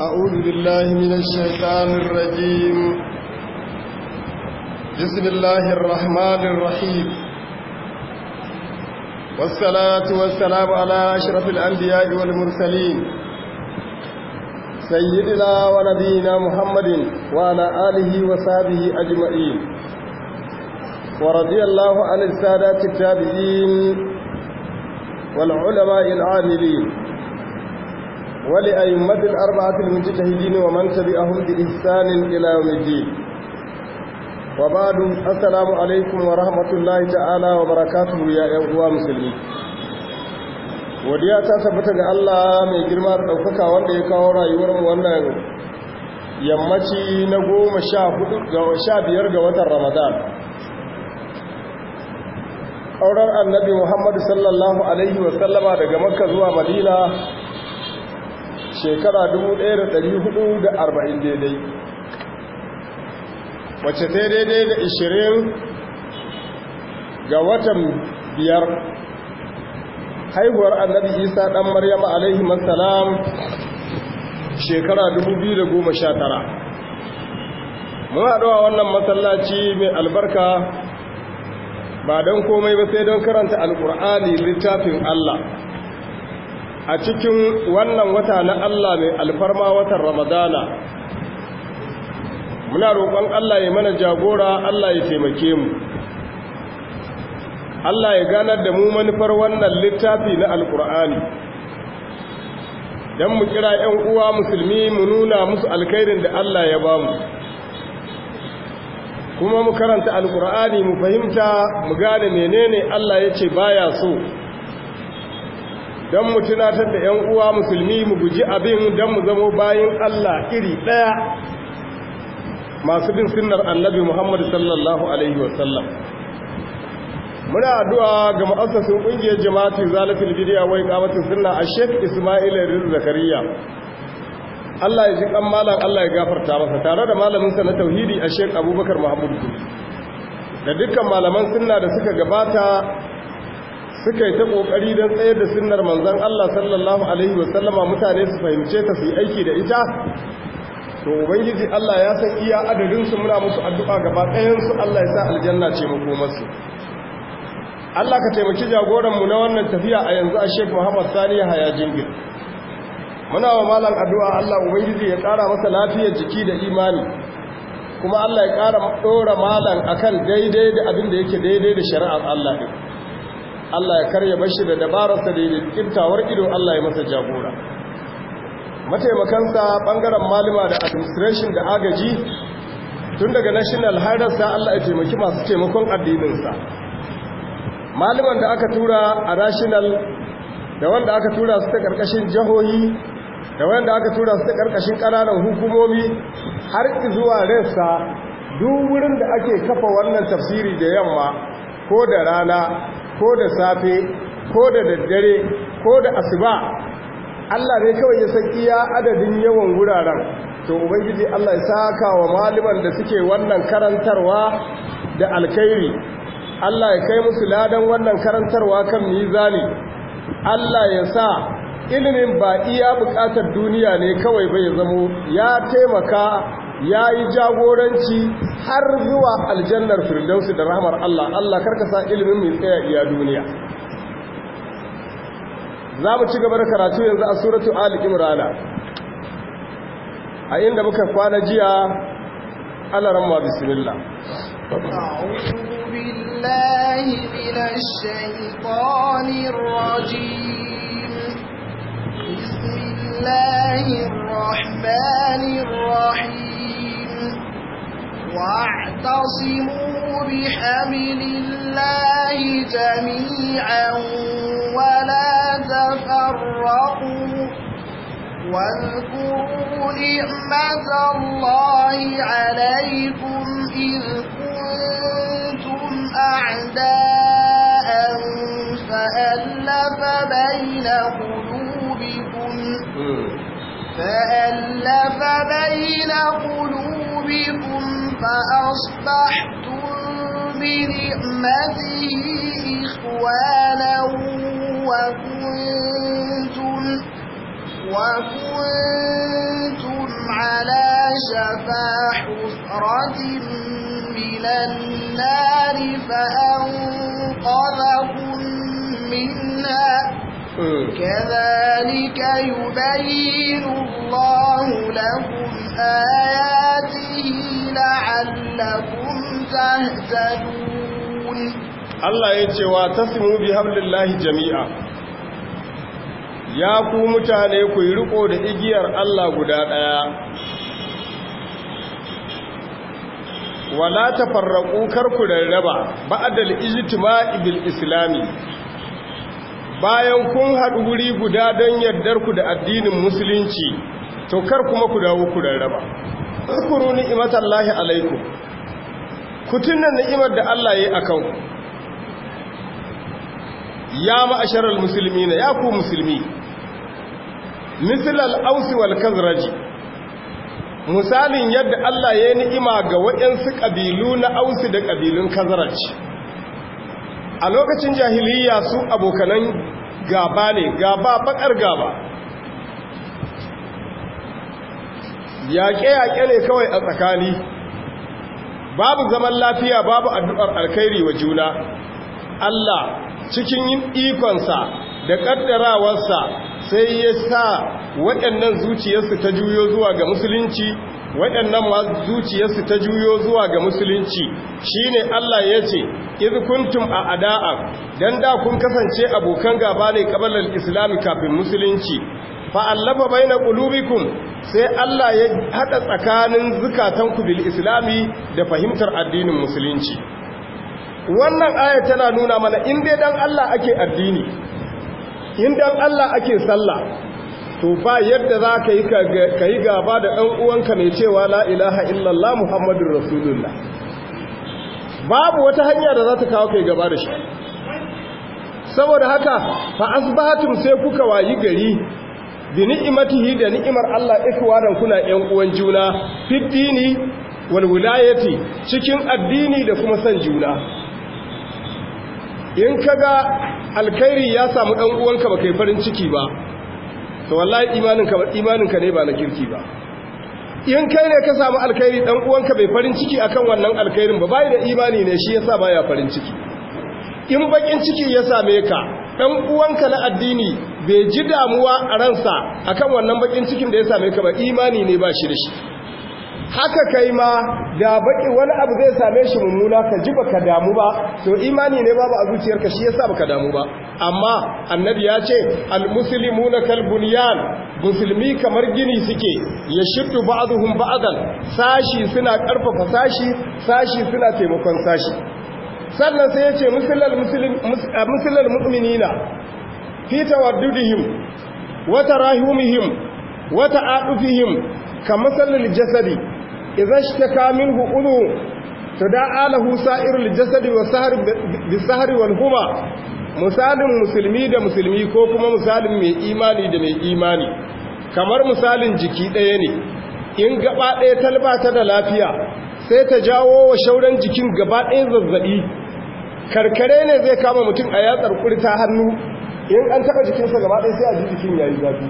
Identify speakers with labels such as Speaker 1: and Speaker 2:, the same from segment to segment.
Speaker 1: أعوذ بالله من الشيطان الرجيم بسم الله الرحمن الرحيم والصلاة والسلام على أشرف الأنبياء والمرسلين سيدنا ونبينا محمد وعلى آله وصحبه أجمعين ورضي الله عن السادات التابعين والعلماء العاملين ولأئمة الأربعة المجتهدين ومن تبعهم بإحسان إلى يوم الدين وبعد السلام عليكم ورحمة الله تعالى وبركاته يا أيها المسلمين godiya ta tabbata ga Allah mai girma da ɗaukaka wanda ya kawo rayuwarmu wannan yammaci na goma sha biyar ga watan ramadan auren annabi muhammadu sallallahu alaihi wasallama daga makka zuwa madina shekara 1440 daidai wacce ta daidai da 20 ga watan biyar haihuwar annabi isa ɗan maryam alaihi masalam shekara 2019 mun haɗuwa wannan masallaci mai albarka ba don komai ba sai don karanta alƙur'ani littafin Allah a cikin wannan wata na Allah mai alfarma watan Ramadana muna roƙon Allah ya mana jagora Allah ya taimake mu Allah ya ganar da mu manufar wannan littafi na alkur'ani dan mu kira 'yan uwa musulmi mu nuna musu alkhairin da Allah ya bamu. kuma mu karanta alkur'ani mu fahimta mu gane menene Allah yace baya so don mu tunatar da 'yan uwa musulmi mu guji abin don mu zamo bayan Allah iri ɗaya masu bin sunnar annabi Muhammadu sallallahu Alaihi wasallam muna addu'a ga ma'asasin ƙungiyar jama'atin zalafin bidiyar wai ƙamatin suna a Sheikh ismail rin zakariya Allah ya ji ƙan malam Allah ya gafarta masa tare da malaminsa na tauhidi a Sheikh abubakar muhammadu da dukkan malaman suna da suka gabata suka yi ta kokari don tsayar da sunnar manzon Allah sallallahu alaihi wasallama mutane su fahimce ta su yi aiki da ita to ubangiji Allah ya san iya adadinsu muna musu addu'a gaba ɗayan su Allah ya sa aljanna ce makomarsu Allah ka taimaki jagoranmu na wannan tafiya a yanzu a Sheikh Muhammad Sani Yahaya Jingir muna wa malam addu'a Allah ubangiji ya ƙara masa lafiyar jiki da imani kuma Allah ya ƙara ɗora malam kan daidai da abin da yake daidai da shari'ar Allah ne Allah ya karya bashi da dabararsa da kintawar ido Allah ya masa jagora mataimakansa bangaren malima da administration da agaji tun daga national hardarsa Allah ya taimaki masu taimakon addininsa maliman da aka tura a national da wanda aka tura su ta karkashin jihohi da wanda aka tura su ta karkashin ƙananan hukumomi har zuwa ressa duk wurin da ake kafa wannan tafsiri da yamma ko da rana ko da safe ko da daddare ko da asuba Allah ne kawai ya san iya adadin yawan wuraren to ubangiji Allah ya saka wa maliman da suke wannan karantarwa da alkhairi Allah ya kai musu ladan wannan karantarwa kan mizani Allah ya sa ilimin ba iya bukatar duniya ne kawai bai zamo ya taimaka ya yi jagoranci har zuwa aljannar firdausi da rahmar Allah Allah karkasa ilimin mai tsaya iya duniya za mu ci gaba da karatu yanzu a suratu ali imrana a inda muka kwana jiya alaran ma bismillah
Speaker 2: بسم الله الرحمن الرحيم واعتصموا بحبل الله جميعا ولا تفرقوا واذكروا نعمة الله عليكم إذ كنتم أعداء فألف بين قلوبكم
Speaker 3: فألف بين
Speaker 2: قلوبكم بكم فأصبحتم بنعمته إخوانا وكنتم, وكنتم على شفا حفرة من النار فأنقذكم منا كذلك يبين الله لكم آياته لعلكم تهتدون
Speaker 1: الله يتي واتصموا بحبل الله جميعا ya ku mutane ku yi riko da igiyar Allah guda ɗaya wala tafarraqu karku rarraba ba'dal ijtima'i bil islami bayan kun haɗu wuri guda don yardar ku da addinin musulunci to kar kuma ku dawo ku rarraba uzkuru Allah alaikum ku tunna ni'imar da Allah yayi akan ku ya ma'asharal muslimina ya ku musulmi misal ausi wal khazraj misalin yadda Allah yayi ni'ima ga wayansu kabilu na ausi da kabilun kazraj a lokacin jahiliya su abokanan gaba ne gaba bakar gaba yaƙe-yaƙe ne kawai a tsakani babu zaman lafiya babu addu'ar alkhairi wa juna Allah cikin yin ikonsa da ƙaddarawarsa sai ya sa waɗannan zuciyarsu ta juyo zuwa ga musulunci waɗannan ma zuciyarsu ta juyo zuwa ga musulunci shine Allah ya ce idh kuntum a ada'a dan da kun kasance abokan gaba ne ƙabalar islami kafin musulunci fa'allafa bai na ƙulubikun sai Allah ya haɗa tsakanin zukatanku bil islami da fahimtar addinin musulunci wannan aya tana nuna mana inda dan Allah ake addini inda Allah ake sallah to ba yadda za ka yi ka yi gaba da ɗan uwanka mai cewa la ilaha illallah muhammadun rasulullah babu wata hanya da za ta kawo kai gaba da shi saboda haka fa asbahatum sai kuka wayi gari bi ni'imatihi da ni'imar Allah ikwanan kuna ƴan uwan juna fiddini wal wilayati cikin addini da kuma san juna in kaga alkhairi ya samu dan uwanka ba kai farin ciki ba to wallahi imaninka ba imaninka ne ba na kirki ba in kai ne ka samu alkhairi dan uwanka bai farin ciki akan wannan alkhairin ba bai da imani ne shi yasa baya farin ciki in bakin ciki ya same ka Ɗan uwanka na addini bai ji damuwa a ransa akan wannan bakin cikin da ya same ka ba imani ne ba shi da shi haka kai ma da baki wani abu zai same shi mummuna ka ji ba ka damu ba to imani ne babu a zuciyar ka shi yasa ka damu ba amma annabi ya ce na kalbuniyan musulmi kamar gini suke ya shiddu ba'dhum ba'dan sashi suna karfafa sashi sashi suna taimakon sashi sannan sai ya ce musulal mu'minina fi tawaddudihim wa tarahumihim wa ta'adufihim ka musulal jasadi idza shtaka minhu ulu tada'a lahu sa'irul jasadi wa sahar bi sahri wal huma misalin musulmi da musulmi ko kuma misalin mai imani da mai imani kamar misalin jiki ɗaya ne in gaba ɗaya talba da lafiya sai ta jawo wa shauran jikin gaba ɗaya zazzabi karkare ne zai kama mutum a yatsar kurta hannu in an taba jikinsa gaba ɗaya sai a ji jikin yayi zafi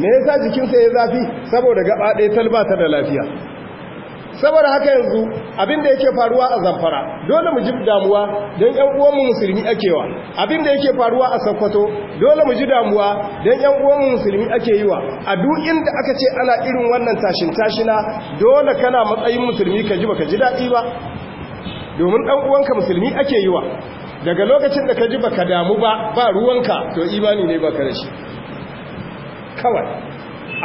Speaker 1: me yasa jikinsa ya zafi saboda gaba ɗaya talba ta da lafiya saboda haka yanzu abinda yake faruwa a zamfara dole mu ji damuwa don yan uwanmu musulmi akewa abin da yake faruwa a sakkwato dole mu ji damuwa don yan uwanmu musulmi ake yi wa a duk inda aka ce ana irin wannan tashin tashina dole kana matsayin musulmi ka ji baka ji daɗi ba domin ɗan'uwanka uwanka musulmi ake yi wa daga lokacin da ka ji baka damu ba ba ruwanka to imani ne baka da shi kawai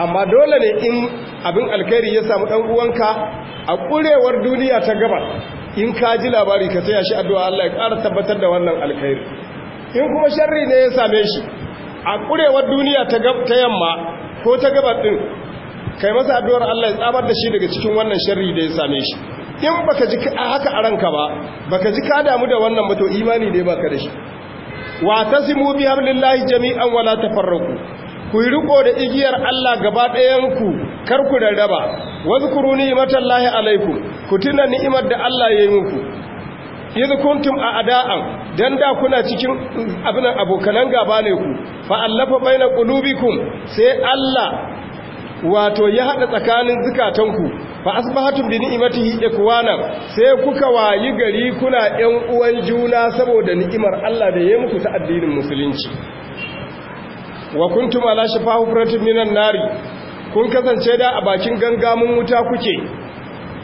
Speaker 1: amma dole ne in abin alkhairi ya samu ɗan'uwanka uwanka a ƙurewar duniya ta gaba in ka ji labari ka saya shi addu'a Allah ya ƙara tabbatar da wannan alkhairi in kuma sharri ne ya same shi a ƙurewar duniya ta yamma ko ta gabar ɗin, kai masa addu'ar Allah ya tsabar da shi daga cikin wannan sharri da ya same shi in baka ji haka a ranka ba baka ji ka damu da wannan ba imani ne baka da shi wa tasimu bi hablillahi jami'an wala tafarraqu ku riko da igiyar Allah gaba ɗayan ku kar ku rarraba wazkuru ni'matallahi alaikum ku tuna ni'imar da Allah ya yi muku idh kuntum a'da'an dan da kuna cikin abinan abokanan gaba ne ku fa allafa baina qulubikum sai Allah wato ya hada tsakanin zakatanku fa asbahatum bi ni'matihi ikwana sai kuka wayi gari kuna ƴan uwan juna saboda ni'imar Allah da ya muku ta addinin musulunci wa kuntum ala shifa hufratin minan nari kun kasance da a bakin gangamin wuta kuke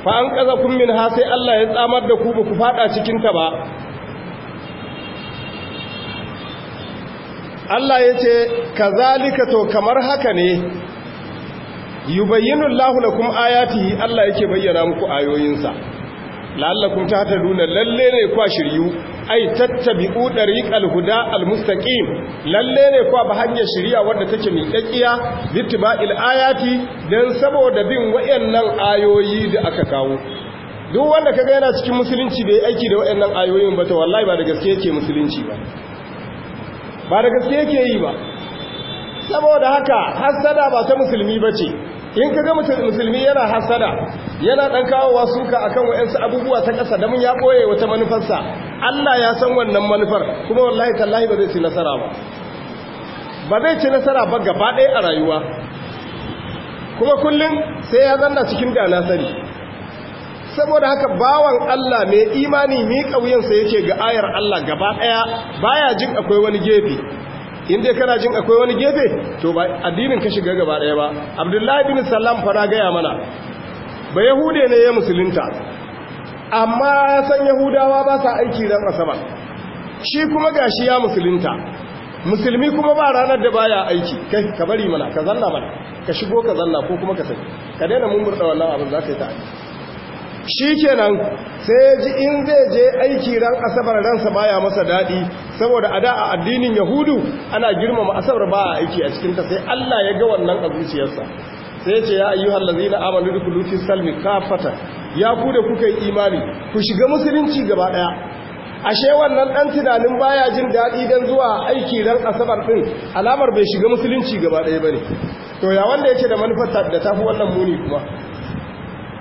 Speaker 1: fa an kaza kun min ha sai Allah ya tsamar da ku ba ku fada cikin ta ba Allah yace kazalika to kamar haka ne yubayyinu Allahu lakum ayatihi Allah yake bayyana muku ayoyinsa la'allakum nuna lalle ne kwa shiryu ai tattabi'u dariqal huda almustaqim lalle ne kwa ba hanyar shiriya wadda take mai dakiya bittiba'il ayati dan saboda bin wayannan ayoyi da aka kawo duk wanda kaga yana cikin musulunci bai aiki da wayannan ayoyin ba to wallahi ba da gaske yake musulunci ba ba da gaske yake yi ba saboda haka hassada ba ta musulmi bace in ka ga musulmi yana hasada yana dan kawowa suka akan wayansu abubuwa ta kasa da mun ya boye wata manufarsa Allah ya san wannan manufar kuma wallahi tallahi ba zai ci nasara ba ba zai ci nasara ba gaba ɗaya a rayuwa kuma kullum sai ya zanna cikin dana sani saboda haka bawan Allah mai imani mai ƙauyensa yake ga ayar Allah gaba ɗaya baya jin akwai wani gefe in dai kana jin akwai wani gefe to ba addinin ka shiga gaba daya ba abdullahi bin salam fara gaya mana ba yahude ne ya musulunta amma ya san yahudawa ba sa aiki dan asabar shi kuma gashi ya musulunta musulmi kuma ba ranar da baya aiki kai ka bari mana ka zanna mana ka shigo ka zanna ko kuma ka sai ka daina mummurda wannan abin za ka yi ta shi kenan sai ji in zai je aiki ran asabar ransa baya masa daɗi saboda a da a addinin yahudu ana girmama asabar ba a aiki a cikinta sai allah ya ga wannan a zuciyarsa sai ce ya ayyuhal ladzina amanu dukulu fi salmi kafata ya ku da kuka yi imani ku shiga musulunci gaba daya ashe wannan dan tunanin baya jin daɗi dan zuwa aiki ran asabar ɗin alamar bai shiga musulunci gaba ba ne? to ya wanda yake da manufar da tafi wannan muni kuma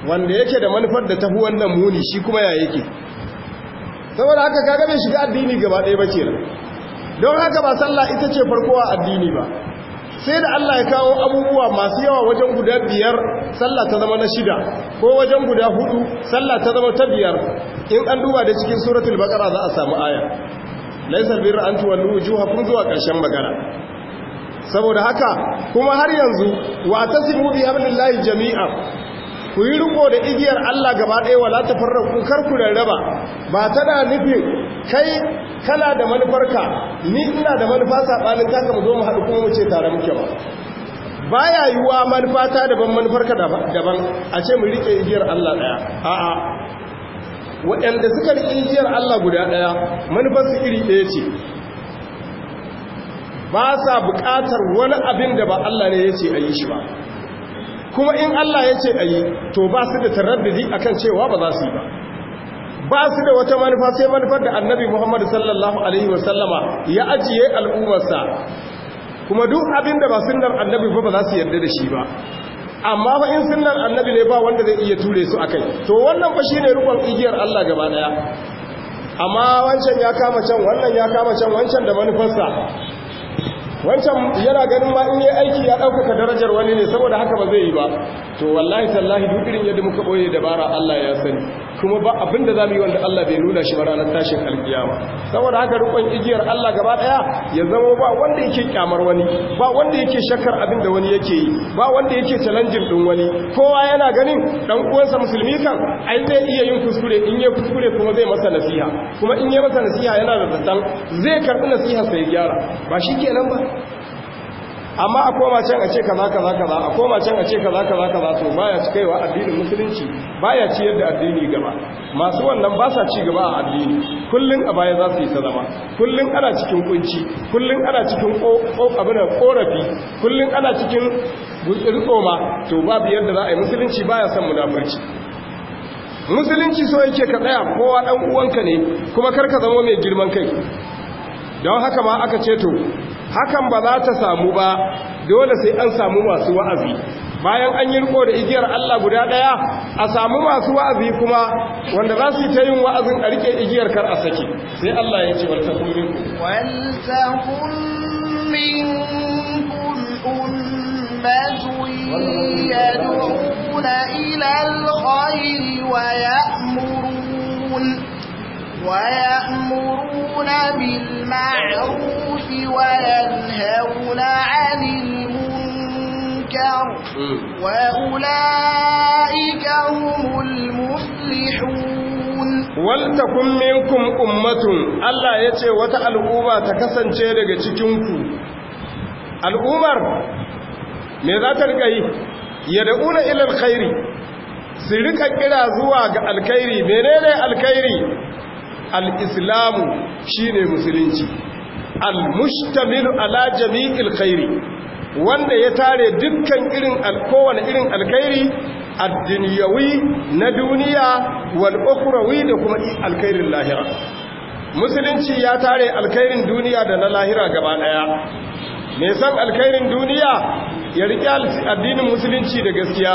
Speaker 1: wanda yake da manufar da tafi wannan muni shi kuma ya yake saboda haka kaga bai shiga addini gaba ɗaya ba kenan don haka ba sallah ita ce farko a addini ba sai da Allah ya kawo abubuwa masu yawa wajen guda biyar sallah ta zama na shida ko wajen guda hudu sallah ta zama ta biyar in an duba da cikin suratul baqara za a samu aya laysa birra an tuwallu wujuhakum zuwa karshen magana saboda haka kuma har yanzu wa tasimu bi amrillahi jami'a ku yi riko da igiyar Allah gaba ɗaya wala tafarraku kar ku rarraba ba ta da nufi kai kala da manufarka ni ina da manufa sabanin taka mu zo mu haɗu kuma mu tare muke ba baya yiwa manufa ta daban manufarka daban a ce mu rike igiyar Allah ɗaya a'a waɗanda suka riƙe igiyar Allah guda ɗaya manufarsu iri ɗaya ce ba sa buƙatar wani abin da ba Allah ne ya ce a yi shi ba kuma in Allah ya ce a yi to ba su da taraddadi a kan cewa ba za su yi ba ba su da wata manufa sai manufar da annabi muhammadu sallallahu alaihi wasallama ya ajiye al'ummarsa kuma duk abin da ba sunan annabi ba za su yarda da shi ba amma ba in sunan annabi ne ba wanda zai iya ture su akai to wannan fa shine rukun igiyar Allah gaba daya amma wancan ya kama can wannan ya kama can wancan da manufarsa wancan yana ganin ma in yi aiki ya ɗaukaka darajar wani ne saboda haka ba zai yi ba to wallahi tallahi duk irin yadda muka ɓoye dabara Allah ya sani kuma ba abin da za mu yi wanda Allah bai nuna shi ba ranar tashin alkiyama saboda haka rukun igiyar Allah gaba daya ya zama ba wanda yake kyamar wani ba wanda yake shakkar abin da wani yake yi ba wanda yake calanjin din wani kowa yana ganin dan uwansa musulmi kan ai zai iya yin kuskure in ya kuskure kuma zai masa nasiha kuma in ya masa nasiha yana da zatan zai karbi nasiha sai gyara ba shi kenan ba amma a koma can a ce kaza kaza kaza a koma can a ce kaza kaza kaza to baya ci kaiwa addinin musulunci baya ci yadda addini gaba masu wannan ba sa ci gaba a addini kullun a baya za su yi zama kullun ana cikin kunci kullun ana cikin abin korafi kullun ana cikin gutsirtsoma to babu yadda za a yi musulunci baya san munafurci musulunci so yake ka tsaya kowa dan uwanka ne kuma kar ka zama mai girman kai don haka ma aka ce to hakan ba za ta samu ba dole sai an samu masu wa'azi bayan an yi riko da igiyar Allah guda daya a samu masu wa'azi kuma wanda za su ta yin wa'azin a rike igiyar kar a sake sai Allah ya ce walta kullum
Speaker 2: waltakun minkum ya yad'una ila al wa ya'murun ويأمرون بالمعروف وينهون عن المنكر وأولئك هم المفلحون
Speaker 1: waltakun minkum ummatun Allah ya ce wata al'umma ta kasance daga cikinku al'ummar me za ta riƙa yi ya da'una ilal khairi su rika kira zuwa ga alkhairi menene alkhairi Al'islamu shi ne musulunci al-mushtamilu ala jami'il khairi wanda ya tare dukkan irin kowane irin alkhairi addiniyawi na duniya wal’ukurawi da kuma alkhairin lahira musulunci ya tare alkhairin duniya da na lahira gaba daya me san alkhairin duniya ya riƙe addinin musulunci da gaskiya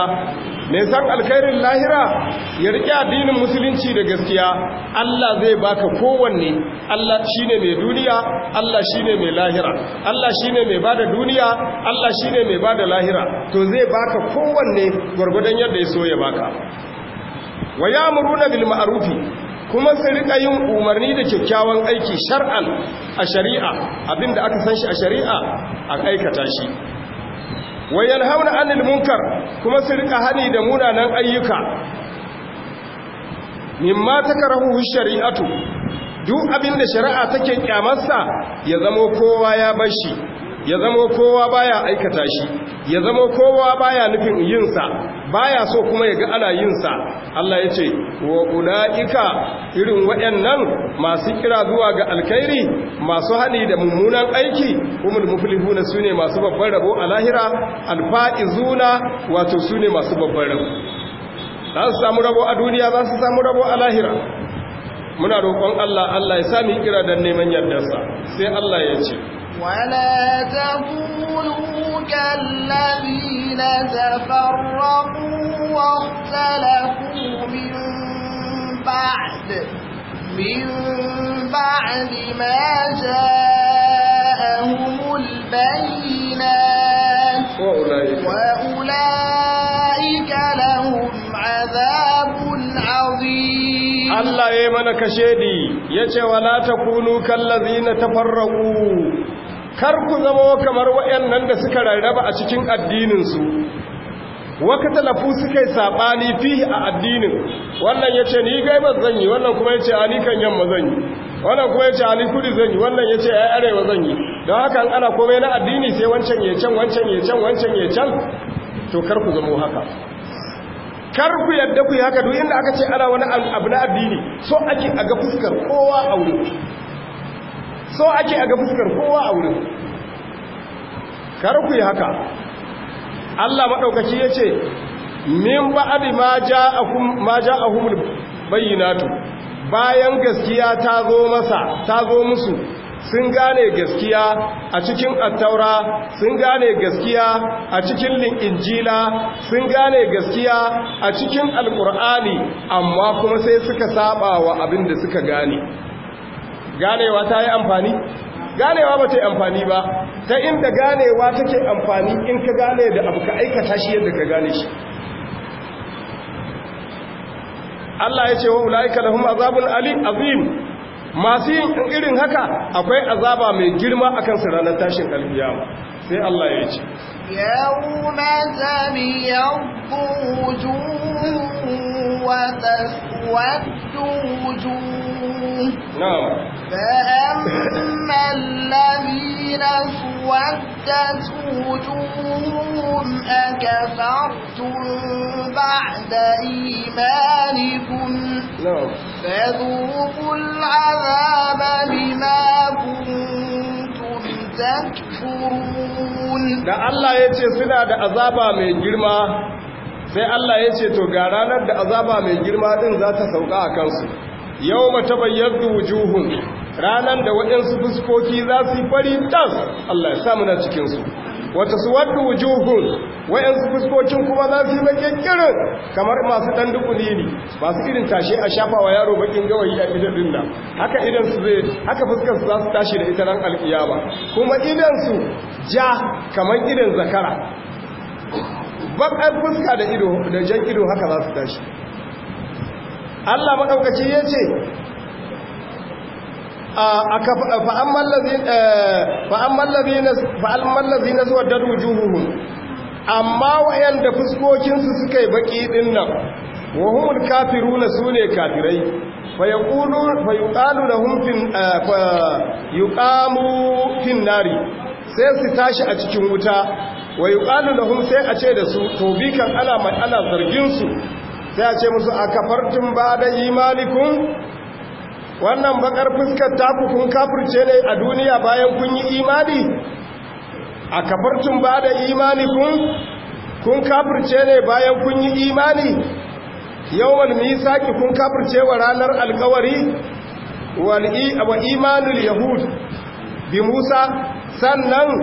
Speaker 1: mai san alkhairin lahira ya riƙe addinin musulunci da gaskiya Allah zai baka kowanne Allah shine mai duniya Allah shine mai lahira Allah shine mai bada duniya Allah shine mai bada lahira to zai baka kowanne gwargwadon yadda ya so ya baka wa ya'muruna bil ma'rufi kuma su rika yin umarni da kyakkyawan aiki shar'an a shari'a abinda aka san shi a shari'a a aikata shi wa yanhauna 'anil munkar kuma su rika hani da munanan ayyuka mimma takarahu shari'atu duk abinda shari'a take kyamarsa ya zamo kowa ya bashi? ya zama kowa baya aikata shi ya zama kowa baya nufin yinsa baya so kuma ya ga ana yinsa Allah ya ce wa ula'ika irin waɗannan masu kira zuwa ga alkhairi masu haɗi da mummunan aiki kuma mufulihuna na sune masu babbar rabo a lahira alfa'izuna wato sune masu babbar rabo za su samu rabo a duniya za su samu rabo a lahira muna roƙon Allah Allah ya sami kira don neman yardarsa sai Allah ya ce
Speaker 2: ولا تكونوا كالذين تفرقوا واختلفوا من بعد من بعد ما جاءهم البينات وأولئك, وأولئك لهم عذاب عظيم الله
Speaker 1: يمنك شيدي يجي ولا تكونوا كالذين تفرقوا kar ku zama kamar waɗannan da suka rarraba a cikin addininsu waka talafu suka yi saɓani fi a addinin wannan ya ce ni gaibar zan yi wannan kuma ya ce a kan yamma zan yi wannan kuma ya ce a kudi zan yi wannan ya ce ya arewa zan yi don haka ana komai na addini sai wancan ya can wancan ya can wancan ya can to kar ku zama haka kar ku yadda ku yi haka duk inda aka ce ana wani abu na addini so ake a ga fuskar kowa a wuri. so ake a ga fuskar kowa a wurin kar ku yi haka Allah maɗaukaci ya ce min ba'adi ma ja'ahumul bayyinatu bayan gaskiya ta zo masa ta zo musu sun gane gaskiya a cikin attaura sun gane gaskiya a cikin injila sun gane gaskiya a cikin alkur'ani amma kuma sai suka saba wa abin da suka gane ganewa ta yi amfani ganewa ba ta yi amfani ba ta inda ganewa take amfani in ka gane da abu ka aikata shi yadda ka gane shi Allah ya ce wa ula'ika huma azabun ali azim masu yin irin haka akwai azaba mai girma akan kan ranar tashin alkiyama sai Allah ya ce
Speaker 2: zami ya wujuhum وتسود وجوه نعم فأما الذين سودت وجوههم أكفرتم بعد إيمانكم نعم فذوقوا العذاب بما كنتم تكفرون da Allah
Speaker 1: ya ce suna da azaba mai girma sai Allah ya ce to ga ranar da azaba mai girma din za ta sauka a kansu yau mata bayyadu wujuhun ranar da waɗansu fuskoki za su yi fari tas Allah ya samu na cikinsu wata su wadda wujuhun waɗansu fuskokin kuma za su yi bakin kamar masu ɗan duk ne masu irin tashe a shafawa yaro bakin gawayi a idan haka idan su zai haka fuskar su za su tashi da ita ran alkiyama kuma idan su ja kamar irin zakara babban fuska da ido da jan ido haka za su tashi Allah maɗaukaci ya ce fa'amman eh, lazi na zuwa dadu juhuhun amma wayanda fuskokinsu suka yi baƙi ɗin nan wahumul kafiru na su ne kafirai fayuƙalu na eh, fin nari sai su tashi a cikin wuta wai ƙalu lahum sai a ce da su to bi kan ana ana zargin su sai a ce musu a kafartun ba da imanikun wannan bakar fuskar ku kun kafirce ne a duniya bayan kun yi imani a kafartun ba da imanikun kun kafirce ne bayan kun yi imani yawon misaki kun kafirce wa ranar alkawari wa imanul yahud bi musa sannan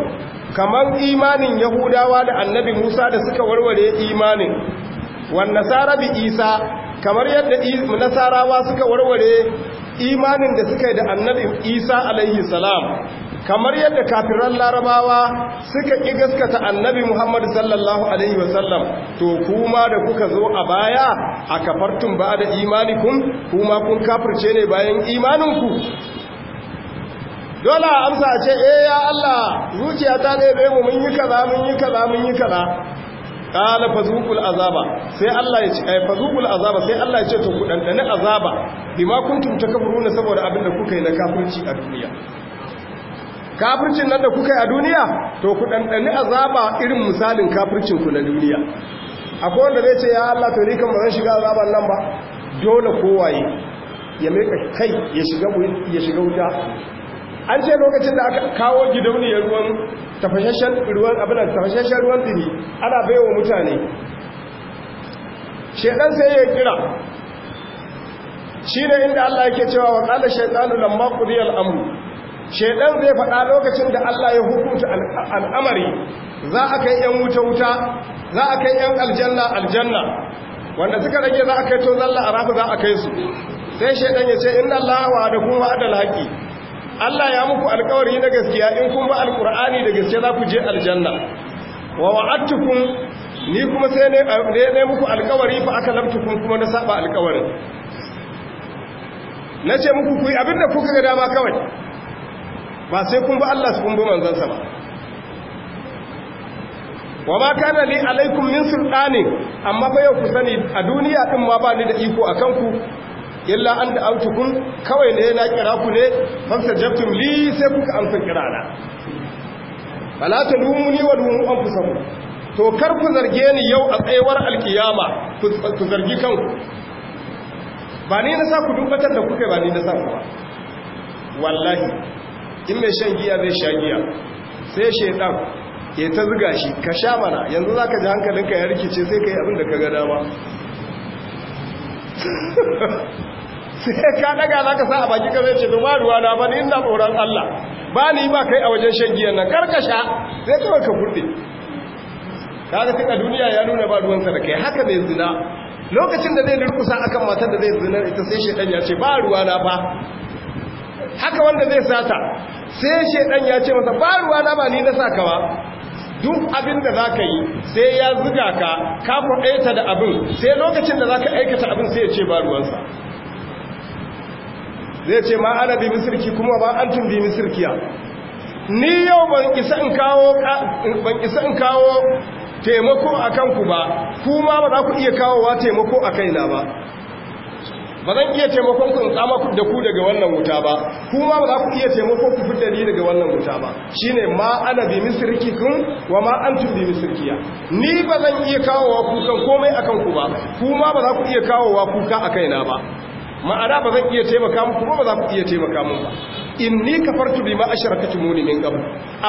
Speaker 1: kamar imanin yahudawa da annabi musa da suka warware imanin wan tsara bi isa kamar yadda nasarawa suka warware imanin da suka yi da annabi isa alaihi salam kamar yadda kafiran larabawa suka ƙi gaskata annabi muhammad sallallahu alaihi wasallam to kuma da kuka zo a baya a kafartun ba da imanikun kuma kun kafirce ne bayan imaninku dole a amsa a ce eh ya Allah zuciya ta ɗaya mu mun yi kaza mun yi kaza mun yi kaza qala fazuqul azaba sai Allah ya ce ai eh, fazuqul azaba sai Allah ya ce to ku dandane azaba bima kuntum takabburuna saboda abin da kuka yi na kafirci a duniya kafircin nan da kuka yi a duniya to ku dandane azaba irin misalin kafircin ku na duniya akwai wanda zai ce ya Allah to ni kan ba zan shiga azaban nan ba dole kowaye ya mai kai ya shiga wuta an ce lokacin da aka kawo gidauniyar ruwan tafashashen ruwan abinan tafashashen ruwan dini ana baiwa mutane shaidan sai ya kira shi ne inda Allah yake cewa wa ƙala shaidanu lamma ƙudiyar amru shaidan zai faɗa lokacin da Allah ya hukunta al'amari za a kai ‘yan wuta-wuta za a kai ‘yan aljanna-aljanna wanda suka rage za a kai to zalla a rafi za a kai su sai shaidan ya ce inda Allah wa da kuma adal haƙi Allah ya muku alkawari na gaskiya in kun ba alkur'ani da gaskiya za ku je aljanna wa wa'adtukum ni kuma sai ne ne muku alkawari fa aka lamtukum kuma na saba alkawarin nace muku ku yi abinda kuka ga dama kawai ba sai kun ba Allah su kun bi sa ba wa ma kana li alaikum min sultani amma fa yau ku sani a duniya din ma ba ni da iko akan ku illa an da autukun kawai ne na kira ku ne famsa jabtum li sai kuka amsa kirana Bala ta lumuni wa lumu anfusaku to kar ku zarge ni yau a tsayuwar alkiyama ku zargi kanku ba ni na sa ku dubatar da kuka ba ni na sa ku ba wallahi in mai shan giya zai sha giya sai shaitan ya ta zuga shi ka sha mana yanzu za ka ji hankalinka ya rikice sai ka yi abin da ka ga dama sai ka daga za ka sa a baki ka ce ba ruwa na bani ina tsoron Allah ba ni ba kai a wajen shan giyan nan karkasha sai kawai ka burɗe kaga tun a duniya ya nuna ba ruwansa da kai haka mai zina lokacin da zai lurkusa akan matar da zai zina ita sai shedan ya ce ba ruwa na ba haka wanda zai sata sai shedan ya ce masa ba ruwa na ba ni na saka ba duk abin da za ka yi sai ya zuga ka ka aita da abin sai lokacin da za ka aikata abin sai ya ce ba ruwansa zai ce ma ana bi misirki kuma ba an tun bi misirkiya ni yau ban isa in kawo taimako a kanku ba kuma ba za ku iya kawowa taimako a kaina ba ba zan iya taimakon ku in tsama da ku daga wannan wuta ba kuma ba za ku iya taimakon ku fitar ni daga wannan wuta ba Shi ne ma ana bi misirki kun wa ma tun bi misirkiya ni ba zan iya kawowa kukan komai a kanku ba kuma ba za ku iya kawowa kuka a kaina ba ma'ana ba zan iya taimaka muku ba ba za ku iya taimaka mun ba inni kafartu bima asharaktumuni min qabl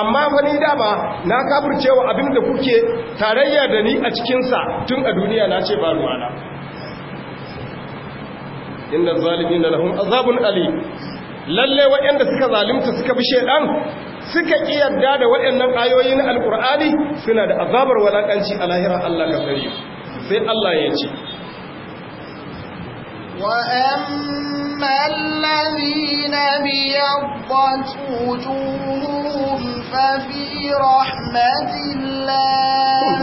Speaker 1: amma fa ni da ba na kafircewa abin da kuke tarayya da ni a cikin sa tun a duniya na ce ba ruwana inna zalimina lahum azabun ali lalle waɗanda suka zalunta suka bi shedan suka kiyarda da waɗannan ayoyi na alqur'ani suna da azabar walakanci a lahira Allah ka tsare sai Allah ya ce
Speaker 2: وأما الذين بيضت وجوههم ففي رحمة الله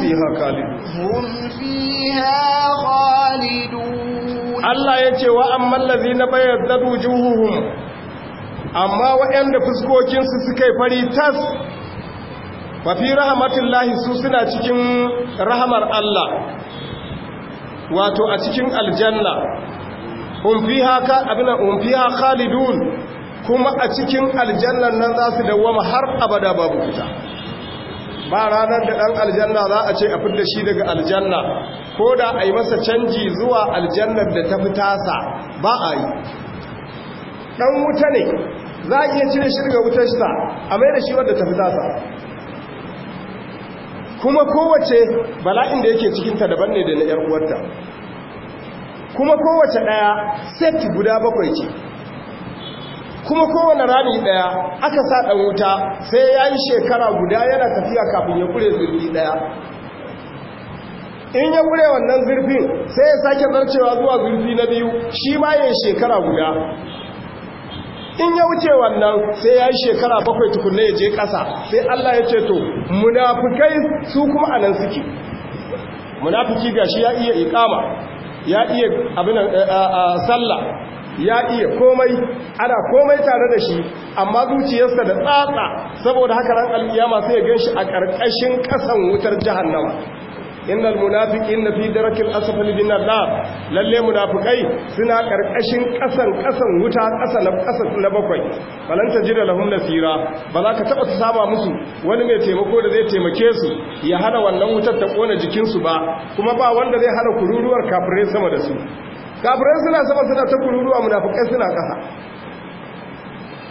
Speaker 2: هم فيها خالدون هم فيها خالدون الله يتي
Speaker 1: وأما الذين بيضت وجوههم amma waɗanda fuskokinsu suka fari tas mafi rahmatullahi su suna cikin rahamar Allah wato a cikin aljanna hum fiha ka hum fiha khalidun kuma a cikin aljannan nan za su dawwama har abada babu fita ba ranar da dan aljanna za a ce a fidda shi daga aljanna ko da a yi masa canji zuwa aljanna da ta fitasa ba a yi dan wuta ne za a iya cire shi daga wutar sa a mai da shi wadda ta fitasa kuma kowace bala'in da yake cikinta daban ne da na 'yar uwarta kuma kowace ɗaya set guda bakwai ce kuma kowane rami ɗaya aka sa ɗan wuta sai ya yi shekara guda yana tafiya kafin ya kure zurfi ɗaya in ya kure wannan zurfin sai ya sake zarcewa zuwa zurfi na biyu shi ma yin shekara guda in ya wuce wannan sai ya yi shekara bakwai tukunna ya je ƙasa sai Allah ya ce to munafukai su kuma a anan suke ga shi ya iya iƙama ya iya abin eh, eh, eh, sallah ya iya komai ana komai tare da shi amma zuciyarsa da tsatsa saboda haka ran alkiyama sai ya gan shi a ƙarƙashin ƙasan wutar jahannama innal na fi darakil asfali min nar lalle munafiqai suna karkashin kasan kasan wuta kasa na kasa na bakwai falan jira lahum nasira bala ka taba saba musu wani mai taimako da zai taimake su ya hana wannan wutar ta kona jikin su ba kuma ba wanda zai hana kururuwar kafirai sama da su kafirai suna sama suna ta kururuwa munafiqai suna kasa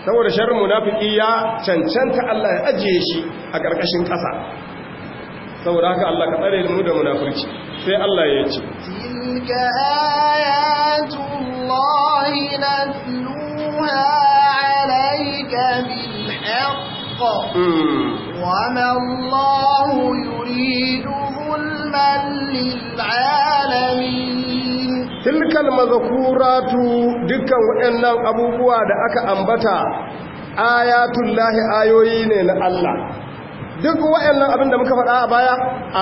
Speaker 1: saboda sharri munafiqi ya cancanta Allah ya ajiye shi a ƙarƙashin ƙasa saboda haka Allah ka tsare mu da munafurci
Speaker 4: sai Allah ya ce
Speaker 2: tilka ayatullahi natluha alayka bil haqq
Speaker 1: hmm.
Speaker 2: wa ma Allahu yuridu zulman lil alamin
Speaker 1: tilkal mazkuratu dukkan waɗannan abubuwa da aka ambata ayatullahi ayoyi ne na Allah duk wa'annan abin da muka faɗa a baya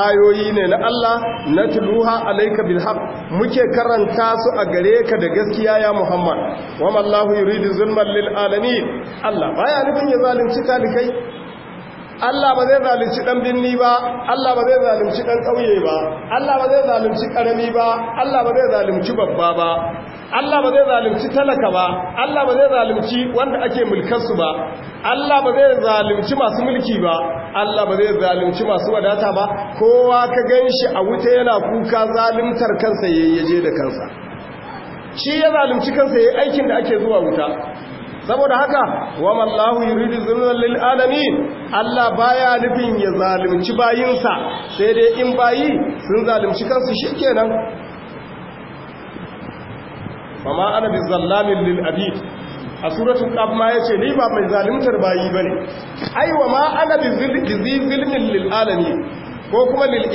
Speaker 1: ayoyi ne na Allah na tuluha alaika bilhaq muke karanta su a gare ka da gaskiya ya Muhammad wa mallahu yuridu zulman lil alamin Allah baya nufin ya zalunci talikai Allah ba zai zalunci dan binni ba Allah ba zai zalunci dan kauye ba Allah ba zai zalunci karami ba Allah ba zai zalunci babba ba Allah ba zai zalunci talaka ba Allah ba zai zalunci wanda ake mulkar su ba Allah ba zai zalunci masu mulki ba Allah ba zai zalunci masu wadata ba kowa ka gan shi a wuta yana kuka zaluntar kansa yayyaje da kansa shi ya zalunci kansa yayin aikin da ake zuwa wuta saboda haka wa mallahu yuridu zulmal lil alamin Allah baya nufin ya zalunci bayinsa sai dai in bayi sun zalunci kansu shikenan fama ana bizallamin lil abid a suratun qaf ma ce ni ba mai zalimtar bayi ne aiwa ma ana bi zilmin lil ko kuma lil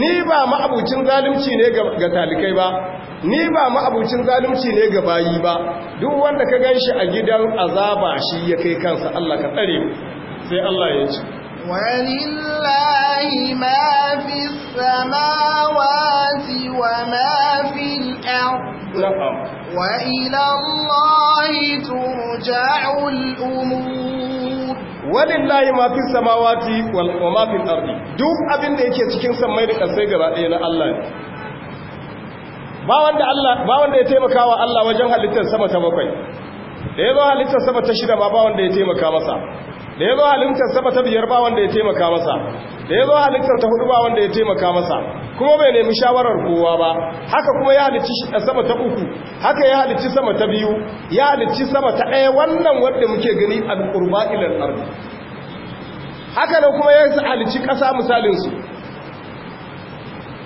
Speaker 1: ni ba ma'abucin zalunci ne ga talikai ba ni ba ma'abucin zalunci ne ga bayi ba duk wanda ka gan shi a gidan azaba shi ya kai kansa Allah ka tsare sai Allah ya ce
Speaker 2: ولله ما في السماوات وما في الأرض وإلى الله ترجع الأمور
Speaker 1: walillahi ma fi samawati wa ma fil ardi duk abin da yake cikin samai da kasai gaba ɗaya na Allah ne ba wanda Allah ba wanda ya taimaka wa Allah wajen halittar sama ta bakwai da yazo halittar sama ta shida ba, ba wanda ya taimaka masa da ya zo halittar saba ta biyar ba wanda ya taimaka masa da ya zo halittar ta hudu ba wanda ya taimaka masa kuma bai nemi shawarar kowa ba haka kuma ya halicci sama ta uku haka ya halicci sama ta biyu ya halicci sama ta ɗaya wannan wanda muke gani kurba ilar ardi haka nan kuma ya halicci ƙasa misalinsu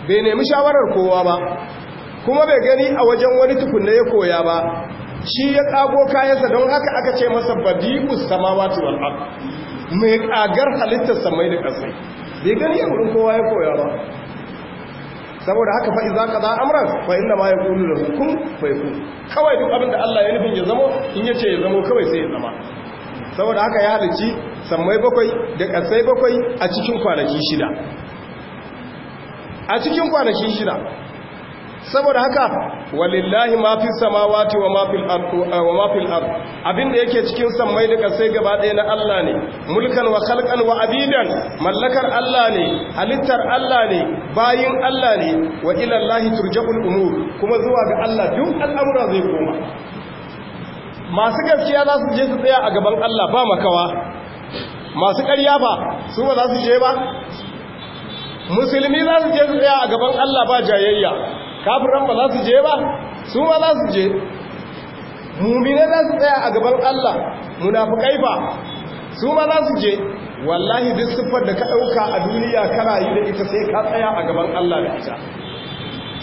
Speaker 1: bai nemi shawarar kowa ba kuma bai gani a wajen wani tukunna ya koya ba shi ya tsago kayansa don haka aka ce masa badi'us samawati wal ard mai ƙagar halittar samai da ƙasai bai gani a wurin kowa ya koya ba saboda haka faɗi za qada amuran fa’in da ma yaqulu lahu kun fayakun kawai duk abinda Allah ya nufin ya zamo in yace ya zamo kawai sai ya zama saboda haka ya halici sammai bakwai da ƙasai bakwai a cikin kwanaki shida a cikin kwanaki shida saboda haka walillahi ma fi samawati wa ma fil ardu, wa ma fil ardi abinda yake cikin sammai da kasai gaba ɗaya na Allah ne mulkan wa khalqan wa abidan mallakar Allah ne halittar Allah ne bayin Allah ne wa ila Allah turja'ul umur kuma zuwa ga Allah duk al'amura zai koma masu gaskiya za su je su tsaya a gaban Allah ba makawa masu ƙarya ba su ba za su je ba musulmi za su je su tsaya a gaban Allah ba jayayya kafiran ba za su je ba su ma za su je mumine za su tsaya a gaban Allah munafikai ba su ma za su je wallahi duk siffar da ka ɗauka a duniya kana yi da ita sai ka tsaya a gaban Allah da ita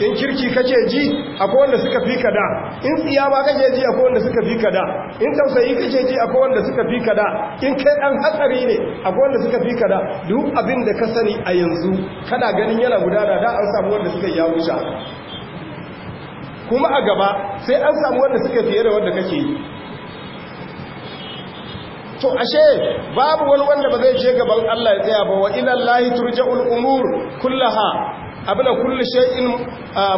Speaker 1: in kirki kake ji akwai wanda suka fi kada in tsiyaba kake ji akwai wanda suka fi kada in tausayi kake ji akwai wanda suka fi kada in kai dan hatsari ne akwai wanda suka fi kada duk abin da ka sani a yanzu kana ganin yana gudana da an samu wanda suka ya wuce kuma a gaba sai an samu wanda suka fiye da wanda kake yi to ashe babu wani wanda ba zai je gaban Allah ya tsaya ba wa ila Allah turja'ul umur kullaha abuna kullu shay'in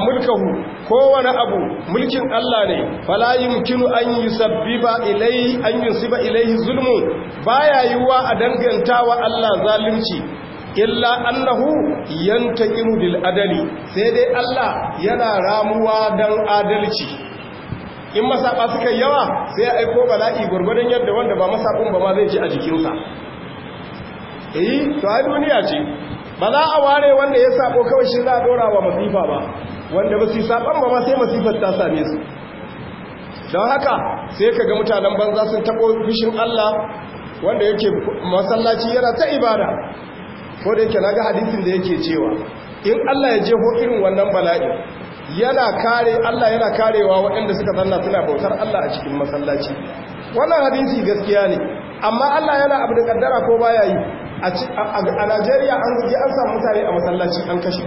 Speaker 1: mulkahu kowane abu mulkin Allah ne fala yumkinu an yusabbiba ilai an yusiba ilaihi zulmu baya yuwa a dangantawa Allah zalunci illa annahu yantaqimu bil adali sai dai Allah yana ramuwa dan adalci in masaba suka yawa sai ya aiko bala'i gurgurdan yadda wanda ba masabun ba ma zai ji a jikinsa eh to a duniya ce ba za a ware wanda ya sabo kawai shi za a dora wa masifa ba wanda ba su saban ba ma sai masifar ta same su don haka sai ka ga mutanen banza sun tabo fushin Allah wanda yake masallaci yana ta ibada ko da yake na ga hadisin da yake cewa in Allah ya ko irin wannan bala'i yana kare Allah yana karewa waɗanda suka zanna suna bautar Allah a cikin masallaci wannan hadisi gaskiya ne amma Allah yana abu da kaddara ko baya yi a Najeriya an zuge an samu mutane a masallaci an kashe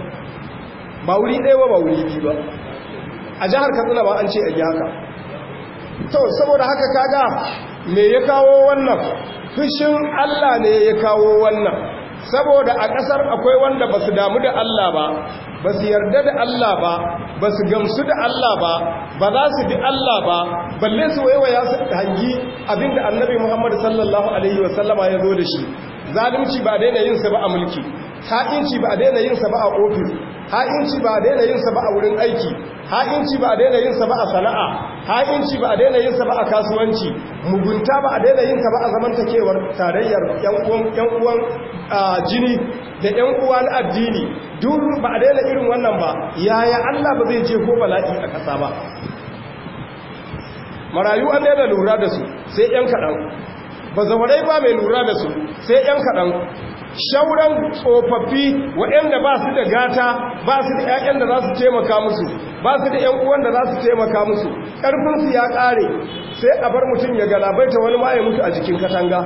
Speaker 1: ba wuri ɗaya ba ba wuri biyu ba a jihar Katsina ba an ce a haka to saboda haka kaga me ya kawo wannan fushin Allah ne ya kawo wannan saboda a ƙasar akwai wanda ba su damu da Allah ba ba su yarda da Allah ba ba su gamsu da Allah ba ba za su bi Allah ba balle su ya su hangi abinda annabi Muhammad sallallahu alaihi wasallama ya zo da shi zalunci ba daina yin sa ba a mulki ha'inci ba a daina yin sa ba a ofis ha'inci ba a daina yin sa ba a wurin aiki ha'inci ba a daina yin sa ba a sana'a ha'inci ba a daina yin sa ba a kasuwanci mugunta ba a daina yin ba a zamantakewar tarayyar yan uwan yan uwan jini da yan uwa na addini duk ba a daina irin wannan ba yaya Allah ba zai je ko bala'i a kasa ba marayu an daina lura da su sai yan kaɗan ba zamarai ba mai lura da su sai yan kaɗan shauran tsofaffi waɗanda ba su da gata ba su da 'ya'yan da za su taimaka musu ba su da 'yan uwan da za su taimaka musu ƙarfinsu ya ƙare sai a bar mutum ya galabaita wani ma ya mutu a jikin katanga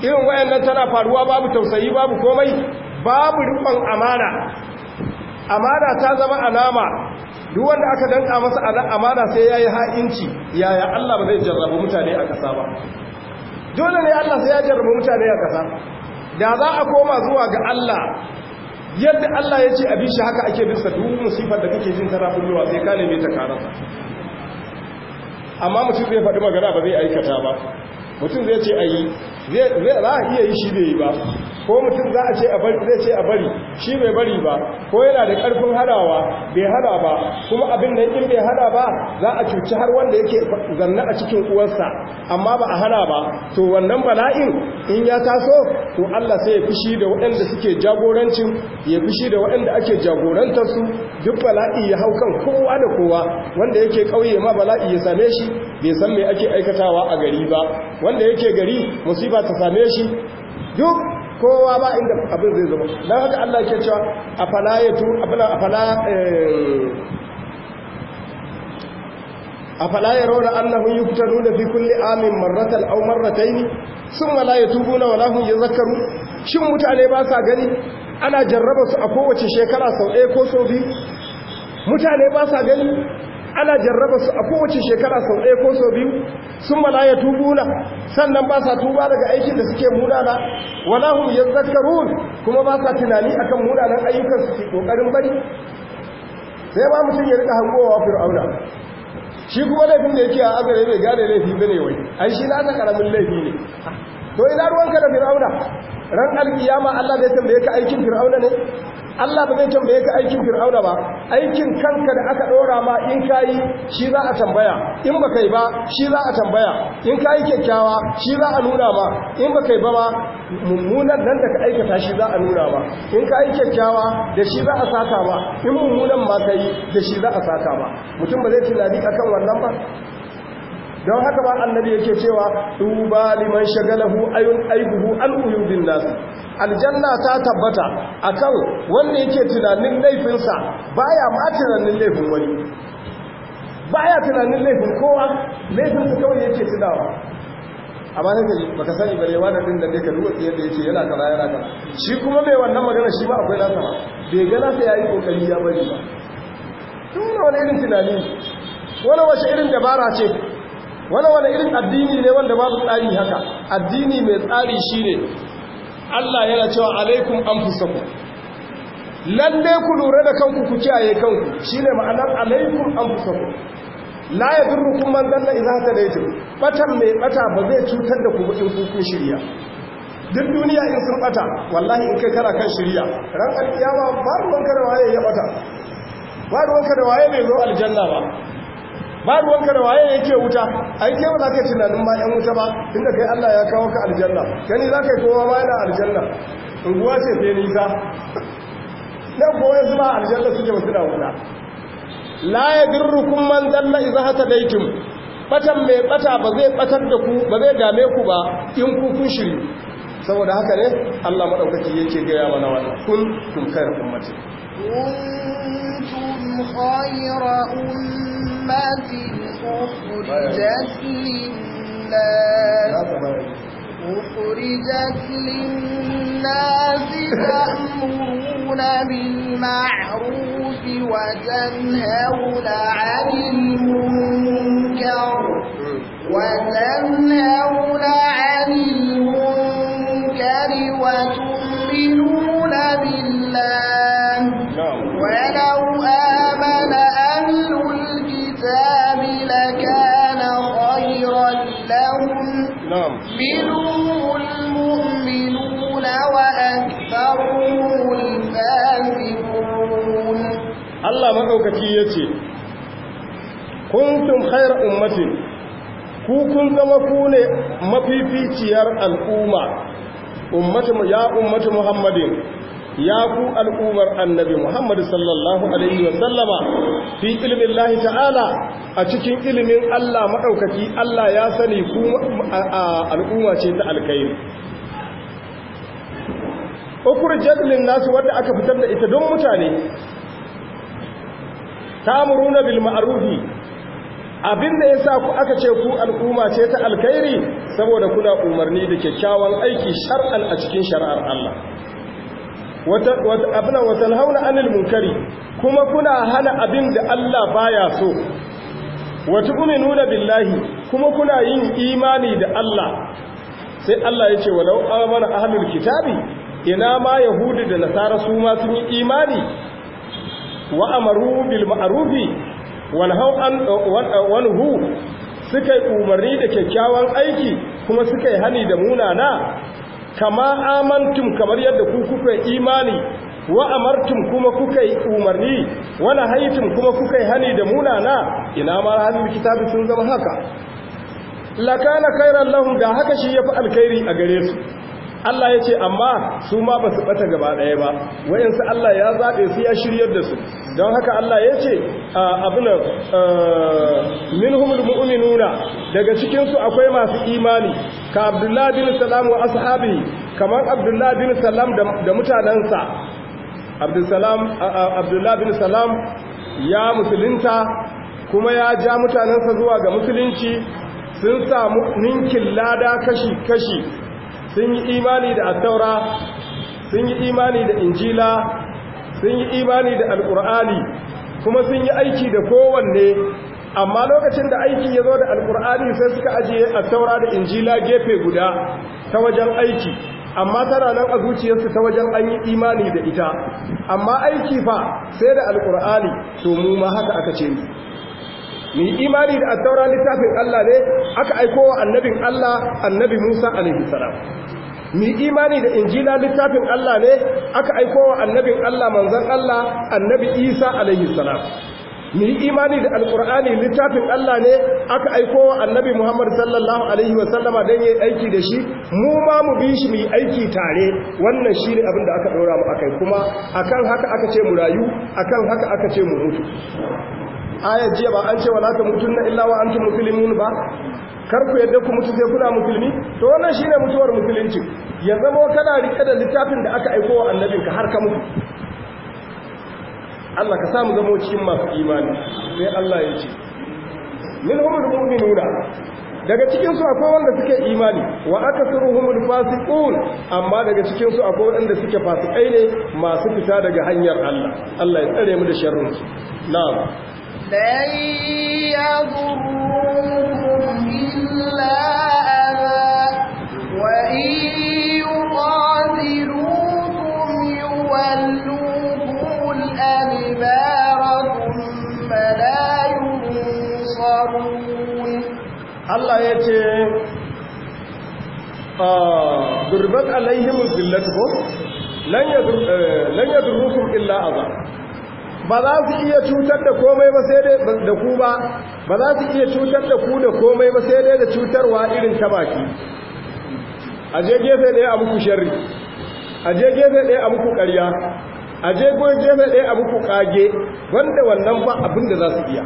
Speaker 1: irin wayannan tana faruwa babu tausayi babu komai babu riƙon amana amana ta zama alama duk wanda aka danka masa amana sai yayi ha'inci yaya Allah ba zai jarrabu mutane a ƙasa ba dole ne Allah sai ya jarrabu mutane a kasa da za a koma zuwa ga Allah yadda Allah ya ce abin shi haka ake bisa duk musifar da kake jin tana bullowa sai ka neme ta karasa amma mutum zai faɗi magana ba zai aikata ba mutum zai ce ayi za a iya yi shi bai yi ba ko mutum za a ce a bari zai ce a bari shi bai bari ba ko yana da karfin hadawa bai hada ba kuma abin da in bai hada ba za a cuci har wanda yake zanna a cikin uwarsa amma ba a hada ba to wannan bala'in in ya taso to Allah sai ya fishi da waɗanda suke jagorancin ya fishi da waɗanda ake jagorantar su duk bala'i ya hau kan kowa da kowa wanda yake kauye ma bala'i ya same shi bai san me ake aikatawa a gari ba wanda yake gari musiba Allah ta same shi duk kowa ba inda abin zai zama Na haka Allah ke cewa a fala ya tu a fala fi kulle Amin يفتنون au marratai ne sun wala ya tubu na wala hun yi zakaru shin mutane ba sa gani ana jarraba su a kowace shekara sau ɗaya ko sau biyu mutane ba sa gani ana jarraba su a kowace shekara sau ɗaya ko sau biyu sun malaya tubuna sannan ba sa tuba daga aikin da suke munana wala ya zakaru kuma ba sa tunani akan munanan ayyukan su ke kokarin bari sai ba mutum ya rika hangowa fir'auna shi kuma laifin da yake a azare bai gane laifi bane wai ai shi na karamin laifi ne to ina ruwanka da fir'auna ran alkiyama Allah zai tambaye ka aikin fir'auna ne Allah ba zai tambaye ka aikin fir'auna ba aikin kanka da aka ɗora ma in kai shi za a tambaya in ba kai ba shi za a tambaya in kayi kyakkyawa shi za a nuna ma in ba kai ba ma mummunan nan da ka aikata shi za a nuna ma in kai kyakkyawa da shi za a saka ma in mummunan ma kai da shi za a saka ma mutum ba zai tunani akan wannan ba don haka ba annabi yake cewa duba liman shagalahu ayun aibuhu an uyubin nasu aljanna ta tabbata akan wanda yake tunanin laifinsa baya ma tunanin laifin wani baya tunanin laifin kowa laifin su kawai yake tunawa amma sai baka sani bare wannan din da dai ka duba da yake yana kaza yana kaza shi kuma mai wannan magana shi ba akwai lafiya ba bai ga nasa yayi kokari ya bari ba tun wani irin tunani wani wace irin dabara ce wani wani irin addini ne wanda babu tsari haka addini mai tsari shine Allah yana cewa alaikum anfusakum lalle ku lura da kanku ku kiyaye kanku shine ma'anar alaikum anfusakum la yadurrukum man dalla da daidai. batan mai bata ba zai cutar da ku ba in ku kun shirya duk duniya in sun bata wallahi in kai kana kan shirya ran alkiyama ba ruwan da waye ya bata ba ruwan da waye mai zo aljanna ba ba wanka da waye yake wuta ai ke ba za ka tunanin ma yan wuta ba inda kai Allah ya kawo ka aljanna gani za ka yi kowa ma yana aljanna unguwa ce sai nisa na kowa yanzu ba aljanna suke wasu da wuta la yadurrukum man dalla idza hatadaytum batan mai bata ba zai batar da ku ba zai dame ku ba in ku kun shiri saboda haka ne Allah madaukaki yake gaya mana wannan kun kun kai ummati
Speaker 2: kuntum khayra ummati رحمة أخرجت للناس أخرجت للناس تأمرون بالمعروف وتنهون عن المنكر وتنهون عن المنكر وتؤمنون بالله نعم. ولو آمنوا نعم منهم المؤمنون وأكثرهم الفاسقون
Speaker 1: الله مدوكتي يتي كنتم خير أمة ku kun zama ku ne mafificiyar al'umma ya ummatu muhammadin ya ku al'ummar annabi Muhammad sallallahu alaihi wa sallama fi ilmin Allah ta'ala a cikin ilimin Allah madaukaki Allah ya sani ku al'umma ce ta alkhairi ukhrijat lin nasu wanda aka fitar da ita don mutane ta'muruna bil ma'rufi abinda yasa ku aka ce ku al'umma ce ta alkhairi saboda kuna umarni da kyakkyawan aiki shar'an a cikin shari'ar Allah watan hauna anil munkari kuma kuna hana abin da Allah baya so wata nuna billahi kuma kuna yin imani da Allah sai Allah ya ce walau amana ahlul kitabi ina ma yahudi da nasara su ma sun yi imani wa amaru bil ma'rufi wal an wanhu suka yi umarni da kyakkyawan aiki kuma suka yi hani da munana kama amantum kamar yadda ku kuka imani wa amartum kuma kuka yi umarni wa nahaytum kuma kuka yi hani da munana ina ma hadin kitabi sun zama haka lakana khairan lahum da haka shi yafi alkhairi a gare su Allah ya ce amma su ma ba su ɓata gaba ɗaya ba wayansu Allah ya zaɓe su ya shiryar da su don haka Allah ya ce abinan minhumul mu'minuna daga cikinsu akwai masu imani ka abdullahi bin salam wa ashabi kamar abdullahi bin salam da mutanensa abdullahi bin salam ya musulunta kuma ya ja mutanensa zuwa ga musulunci sun samu ninkin lada kashi-kashi sun yi imani da attaura sun yi imani da injila sun yi imani da alkur'ani kuma sun yi aiki da kowanne amma lokacin da aiki ya zo da alkur'ani sai suka ajiye attaura da injila gefe guda ta wajen aiki amma tana nan a zuciyarsu ta wajen an yi imani da ita amma aiki fa sai da alkur'ani to mu ma haka aka ce ni. mu imani da attaura littafin Allah ne aka aiko wa annabin Allah annabi Musa alaihi salam mi imani da injila littafin Allah ne aka aiko wa annabin Allah manzon Allah annabi Isa alaihi salam mi imani da alqur'ani littafin Allah ne aka aiko wa annabi Muhammad sallallahu alaihi wa sallama dan yayi aiki da shi mu ma mu bi shi mu yi aiki tare wannan shine abin da aka dora mu akai kuma akan haka aka ce mu rayu akan haka aka ce mu mutu ayar jiya ba an ce wala ta mutun na illa wa antum muslimun ba kar ku yadda ku mutu sai kuna musulmi to wannan shine mutuwar musulunci ya zama kana rike da littafin da aka aiko wa annabinka har ka mutu Allah ka samu zama cikin masu imani sai Allah ya ce min humul mu'minuna daga cikin su akwai wanda suke imani wa akathuruhumul fasiqun amma daga cikin su akwai wanda suke fasikai ne masu fita daga hanyar Allah Allah ya
Speaker 4: tsare mu da sharrin su na'am
Speaker 2: لن يضروكم إلا أبا وإن يقاتلوكم يولوكم الأدبار ثم لا ينصرون
Speaker 4: الله يتي آه، ضربت
Speaker 1: عليهم الذلة لن آه، لن يضروكم إلا اذى ba za su iya cutar da komai ba sai dai da ku ba ba za su iya cutar da ku da komai ba sai dai da cutarwa irin ta baki a je gefe ɗaya a muku sharri a je gefe ɗaya a muku ƙarya a je gefe ɗaya a muku ƙage wanda wannan ba abin da za su iya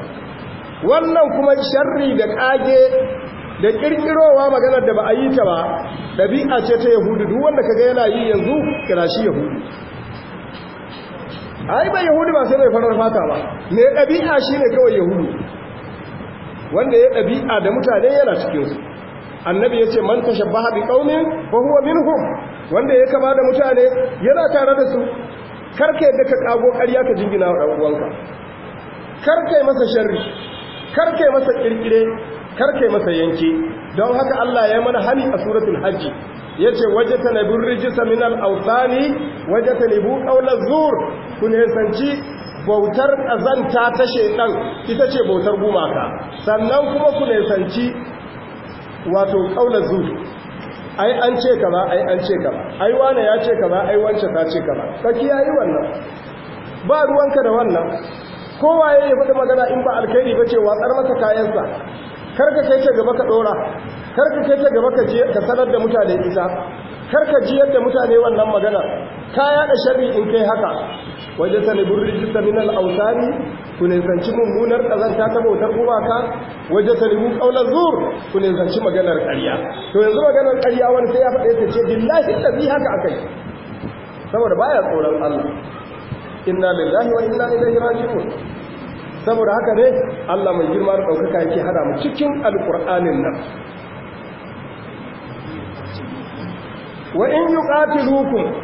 Speaker 1: wannan kuma sharri da ƙage da ƙirƙirowa maganar da ba a yi ta ba ɗabi'a ce ta yahudu duk wanda kaga yana yi yanzu kira shi yahudu ai ba yahudu ba sai mai farar fata ba mai ɗabi'a shi ne kawai yahudu wanda ya ɗabi'a da mutane yana cikinsu annabi ya ce man shabba haɗi ƙaunin ba huwa minhum wanda ya kama da mutane yana tare da su karka yadda ka kago ƙarya ka jingina wa ɗan uwanka yi masa sharri karka masa ƙirƙire? karkai masa yanki don haka Allah ya mana hani a suratul hajji ya ce waje ta nabi rijisa min al'autani waje ta nabi ƙaunar zuur ku nesanci bautar ƙazanta ta shaidan ita ce bautar gumaka sannan kuma ku nesanci wato ƙaunar zuur ai an ce ka ba ai an ce ka ba ai wane ya ce ka ba ai wance ta ce ka ba ya yi wannan ba ruwanka da wannan kowa ya yi faɗi magana in ba alkhairi ba ce watsar masa kayansa karka kai ta gaba ka dora karka kai ta gaba ka sanar da mutane isa karka ji yadda mutane wannan magana ka yada sharri in kai haka waje ta ne burri jista min al'autari ku ne zanci mummunar ƙazanta ta bautar gumaka waje ta ne kaula zur ku ne zanci maganar ƙarya to yanzu maganar ƙarya wani sai ya faɗe ta ce billahi da bi haka a kai saboda baya tsoron allah inna lillahi wa inna ilaihi raji'un saboda haka ne, Allah mai girma da ɗaukaka yake hada mu cikin alƙur'anin nan wa in yi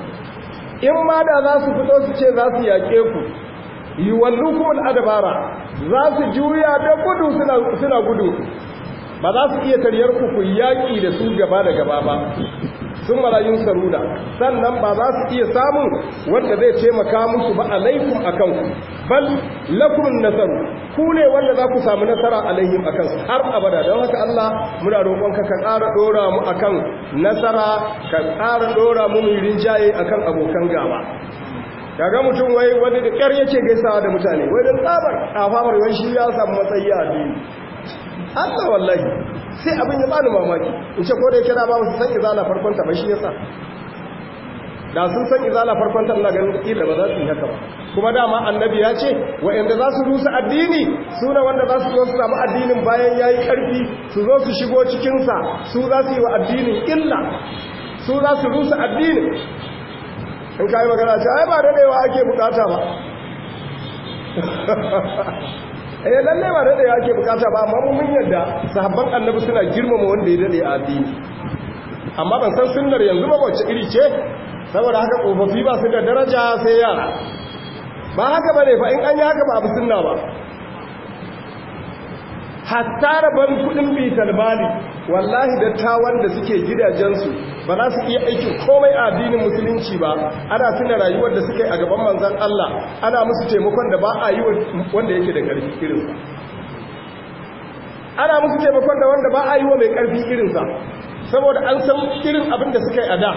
Speaker 1: in ma da za su fito su ce za su yaƙe ku yi wallukum al'adabara za su juya da gudu suna gudu ba za su iya taryar ku ku yaƙi da su gaba da gaba ba sun marayun saruna sannan ba za su iya samun wanda zai taimaka musu ba alaikum a kanku bal lakumin nasaru ku ne wanda za ku sami nasara alaihim a kansu har abada don haka Allah muna roƙonka ka ƙara ɗora mu a kan nasara ka ɗora mu mu rinjaye a kan abokan gaba kaga mutum wai wani da ƙyar yake gaisawa da mutane wai don tsabar famar yawan shi ya samu matsayi a biyu. Allah wallahi sai abin ya bani mamaki in ce ko da yake da ba su san izala farkon ta ba shi yasa da sun san izala farkon ta Allah ganin kila ba za su yi haka ba kuma dama annabi ya ce wa'anda za su rusa addini su ne wanda za su zo su samu addinin bayan yayi karfi su zo su shigo cikin sa su za su yi wa addinin illa su za su rusa addinin in kai magana ce ai ba dadewa ake bukata ba eh lalle ba dade ke bukata ba amma mun yadda sahabban annabi suna girmama wanda ya dade a addini amma ban san sunnar yanzu ba wacce iri ce saboda haka kofofi ba su da daraja sai yara ba haka bane fa in an yi haka ba abu sunna ba hatta bari kudin bitar bali wallahi ta wanda suke gidajensu ba za su iya aikin komai a addinin musulunci ba ana tuna rayuwar da suke a gaban manzan Allah ana musu taimakon da ba a yi wanda yake da ƙarfi irinsa ana musu taimakon da wanda ba a yi wa mai ƙarfi irinsa saboda an san irin abin da suka yi a da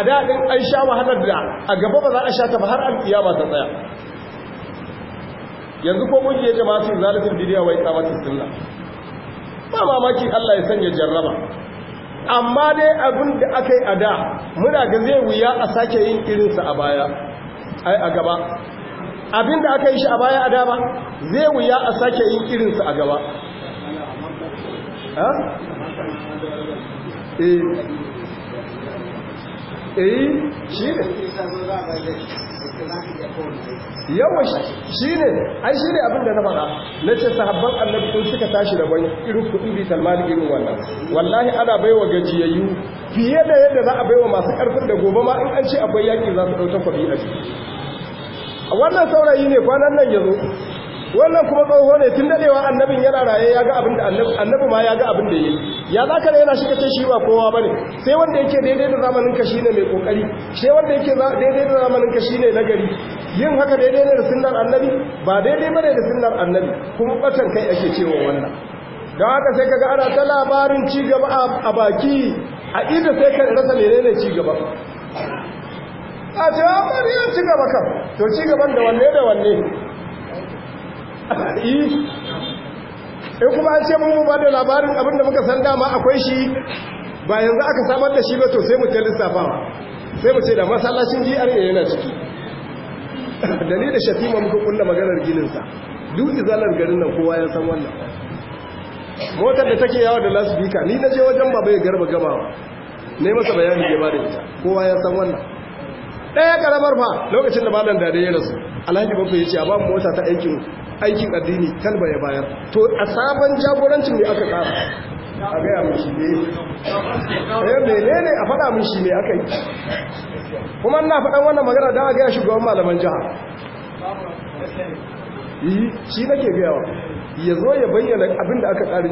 Speaker 1: a daɗin an sha wahalar da a gaba ba za a sha ta ba har ba ta tsaya yanzu ko jama'a sun zalatul bidiya wai kamata sunna ba mamaki Allah ya sanya jarraba amma dai abin da aka yi a da muna ga zai wuya a sake yin irinsa a baya ai a gaba abin da aka yi shi a baya a da ba zai wuya a sake yin irinsa a gaba eh eh shi ne yawa shi ne ai shi ne abin da na faɗa na ce sahabban annabi sun suka tashi da wani irin kuɗi bi irin wannan wallahi ana baiwa gajiyayyu fiye da yadda za a baiwa masu ƙarfin da gobe ma in an ce akwai yaƙi za su ɗauta kwabi a ciki wannan saurayi ne kwanan nan ya zo wannan kuma tsoho ne tun dadewa annabin yana raye ya ga abin da annabi ma ya ga abin da yi ya za ka yana shiga ce shi ba kowa ba ne sai wanda yake daidai da zamanin ka shine mai kokari sai wanda yake daidai da zamanin ka shine nagari yin haka daidai ne da sunnar annabi ba daidai bane da sunnar annabi kuma batan kai ake cewa wannan don haka sai kaga ana ta labarin cigaba a baki a ido sai ka rasa menene cigaba a ce a ah, bari ya cigaba kan to cigaban da wanne da wanne Eh. in kuma an ce mun ba da labarin abinda muka san dama akwai shi ba yanzu aka samar da shi ba to sai mu ta lissafawa sai mu ce da masallacin GRA yana ciki dalilin da shatima muka kulla maganar gininsa duk izalar garin nan kowa ya san wannan motar da take yawo da lasbika ni na je wajen baba ya garba gamawa
Speaker 3: ne masa bayani ya bada
Speaker 1: ita kowa ya san wannan ɗaya karamar fa lokacin da malam dade ya rasu alhaji babba ya ce a ba mu mota ta aikin aikin addini talba ya bayar to a sabon jagorancin ne aka kara a gaya mishi ne
Speaker 3: eh. eh menene a faɗa shi ne aka yi
Speaker 1: kuma na faɗan wannan magana don a gaya shugaban malaman jiha yi shi nake gayawa ya zo ya bayyana abin da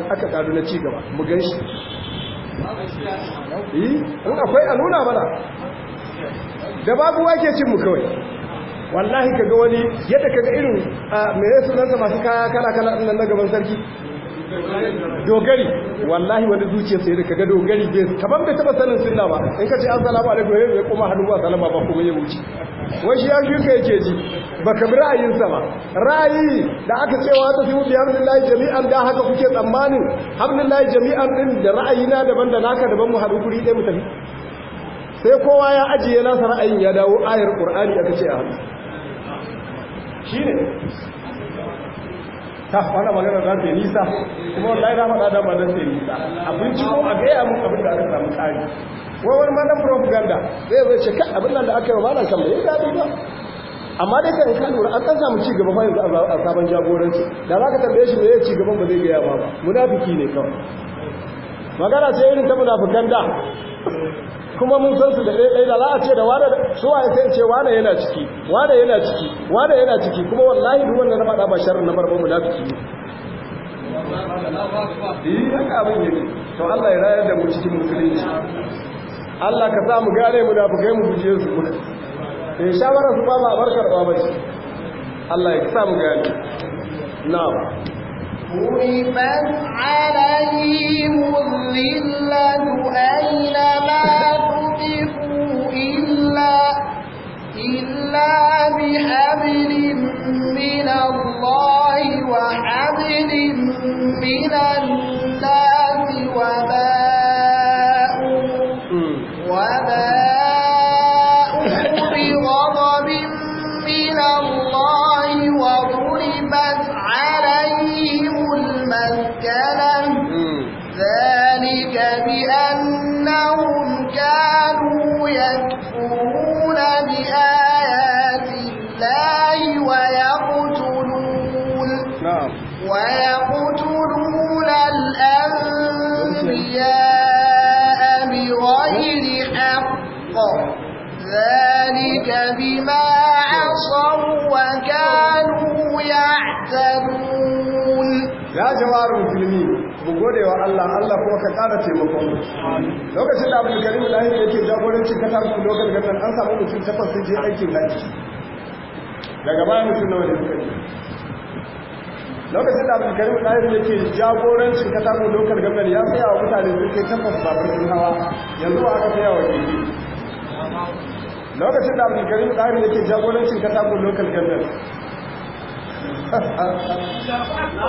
Speaker 1: aka ƙaru na cigaba mu gan shi
Speaker 3: yi in akwai a nuna
Speaker 1: mana da babu wake cin mu kawai wallahi kaga wani yadda kaga irin mai yasu nan masu kaya kala kala nan na gaban sarki dogari wallahi wani zuciya sai da ga dogari bai kaman bai taba sanin sunna ba in ka ce assalamu alaikum ya kuma hannu ba salama ba kuma ya wuce wai shi ya fi ka yake ji ba ka bi ra'ayinsa ba ra'ayi da aka cewa ta fi hamdulillahi jami'an da haka kuke tsammanin hamdulillahi jami'an din da ra'ayina daban da naka daban mu haɗu kuri ɗaya mu tafi sai kowa ya ajiye nasa ra'ayin ya dawo ayar ƙur'ani aka ce a hannu shi ne ta wanda magana za ta nisa kuma wallahi na faɗa dama don ta yi nisa abinci ko a gaya mun abin da aka samu tsari wawar ma na propaganda zai zai ce kan abin nan da aka yi ba na da ya daɗi ba amma dai kan kan lura an ɗan samu ci gaba yanzu a sabon jagoranci da za ka tambaye shi me ya ci gaban ba zai gaya ba ba munafiki ne kawai magana sai irin ta munafikan da kuma mun san su da ɗaiɗai da la'a ce da wane su waye sai ce wane yana ciki wane yana ciki wane yana ciki kuma wallahi duk wanda na faɗa ba sharri na barbar mu yi ciki abin to Allah ya rayar da mu cikin musulunci Allah ka sa mu gane bugai mu guje su kuma eh shawara su ba ba barkar ba bace Allah ya sa mu gane na'am
Speaker 2: ضربت عليهم الذلة أينما تقفوا إلا, بحبل من الله وحبل من الناس وبارك إنهم كانوا يكفرون بآيات الله ويقتلون نعم. ويقتلون الأنبياء بغير حق ذلك بما عصوا وكانوا يعتدون
Speaker 4: يا جوار المسلمين mu
Speaker 1: gode wa Allah Allah kuma ka ƙara taimakon lokacin da Abdul Karim Lahir yake jagorancin kata su lokal gannan an samu mutum takwas sun je aikin haji daga baya mutum nawa ne suka yi lokacin da Abdul Karim Lahir yake jagorancin kata lokacin da kan ya saya wa mutane sun ke takwas ba sun hawa yanzu ba aka saya wa gidi lokacin da Abdul Karim Lahir yake jagorancin kata lokacin da kan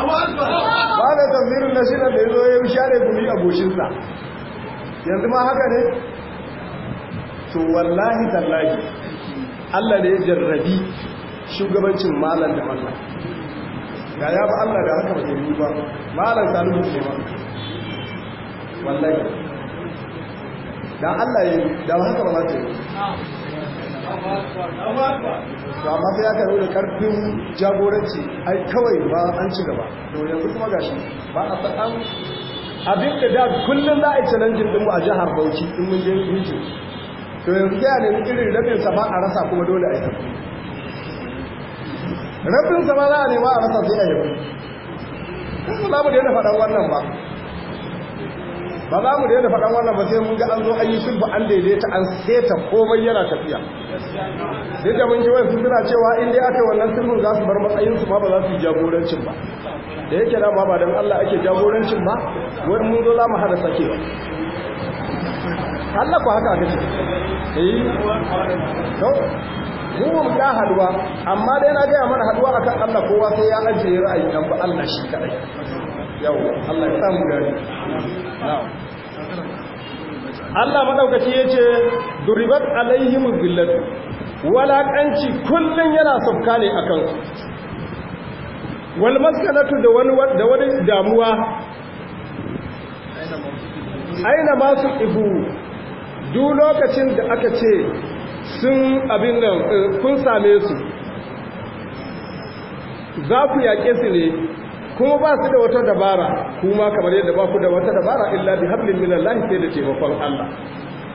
Speaker 3: ba da tafsirin na shirin da
Speaker 1: ya zo ya share gumi a goshinsa yanzu ma haka ne to wallahi tallahi Allah ne ya jarrabi shugabancin malar da mallam ga ya ba Allah da haka ba yi ba malam salihu ne ba wallahi don Allah ya yi da haka ba za ta yi to amma sai aka da karfin jagoranci ai kawai ba an ci gaba to yanzu kuma gashi ba a faɗan abin da da kullum za a yi challenging ɗinmu a jihar bauchi in mun je meeting to yanzu ya nemi irin rabin sama ba a rasa kuma dole a yi tafi rabin sama ba za a nema a rasa sai a yi kuma za da yana faɗan wannan ba ba za mu daina faɗan wannan ba sai mun ga an zo an yi shirba an daidaita an seta komai yana tafiya duk da mun ji wani suna cewa in dai aka wannan sulhun za su bar matsayinsu ma ba za su yi jagorancin ba da yake dama ba don Allah ake jagorancin ba wani mun zo za mu hada ba. Allah ku haka aka ce eh to mu mun ga haduwa amma dai na gaya mana haduwa akan Allah kowa sai ya ajiye ra'ayi dan ba Allah shi kadai yau Allah ya samu gari Allah yace duribat alaihim billat walaƙanci kullun yana sauka ne akan su wal maskalatu da wani da wani damuwa aina ma su ibu duk lokacin da aka ce sun abin nan eh, kun same su za ku yaƙe su ne kuma ba su da wata dabara kuma kamar yadda ba ku da wata dabara illa bi hablin minan lahi sai da taimakon Allah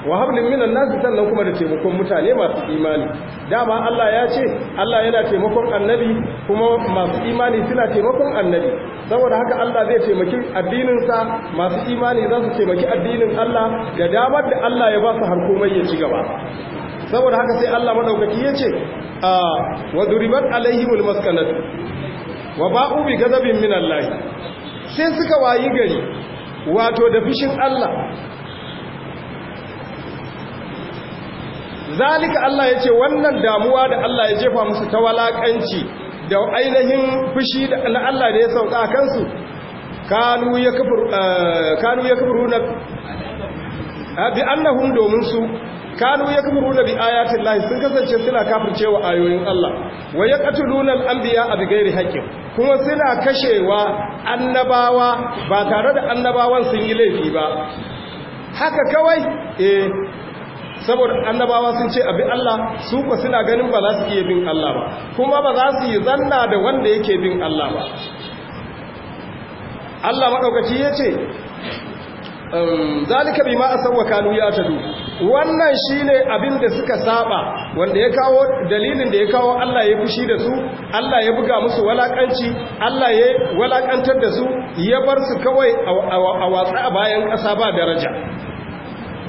Speaker 1: wa hablin minan nasu sannan kuma da taimakon mutane masu imani dama Allah ya ce Allah yana taimakon annabi kuma masu imani suna taimakon annabi saboda haka Allah zai taimaki addininsa masu imani za su taimaki addinin Allah da damar da Allah ya ba su har ya ci gaba saboda haka sai Allah madaukaki ya ce ah, wa duribat alaihimul maskanatu wa ba'u bi gazabin min Allah sai suka wayi gari wato da fishin Allah zalika Allah yace wannan damuwa da Allah ya jefa musu ta walakanci da ainihin fushi da Allah da ya sauka kansu kanu ya kafir eh, kanu ya na eh, bi annahum domin su kanu yakfuruna bi ayati llahi sun kasance suna kafircewa ayoyin Allah wa ya katulunan anbiya a bigairi haqqin kuma suna kashewa annabawa ba tare da annabawan sun yi laifi ba haka kawai eh saboda annabawa sun ce abi Allah su ko suna ganin ba za su iya bin Allah ba kuma ba za su yi zanna da wanda yake bin Allah ba Allah madaukaki yace zalika bima asawwa kanu ya tadu wannan shine abin da suka saba wanda ya kawo dalilin da ya kawo Allah ya fushi da su Allah ya buga musu walakanci Allah ya walakantar da su ya bar su kawai a watsa bayan ƙasa ba daraja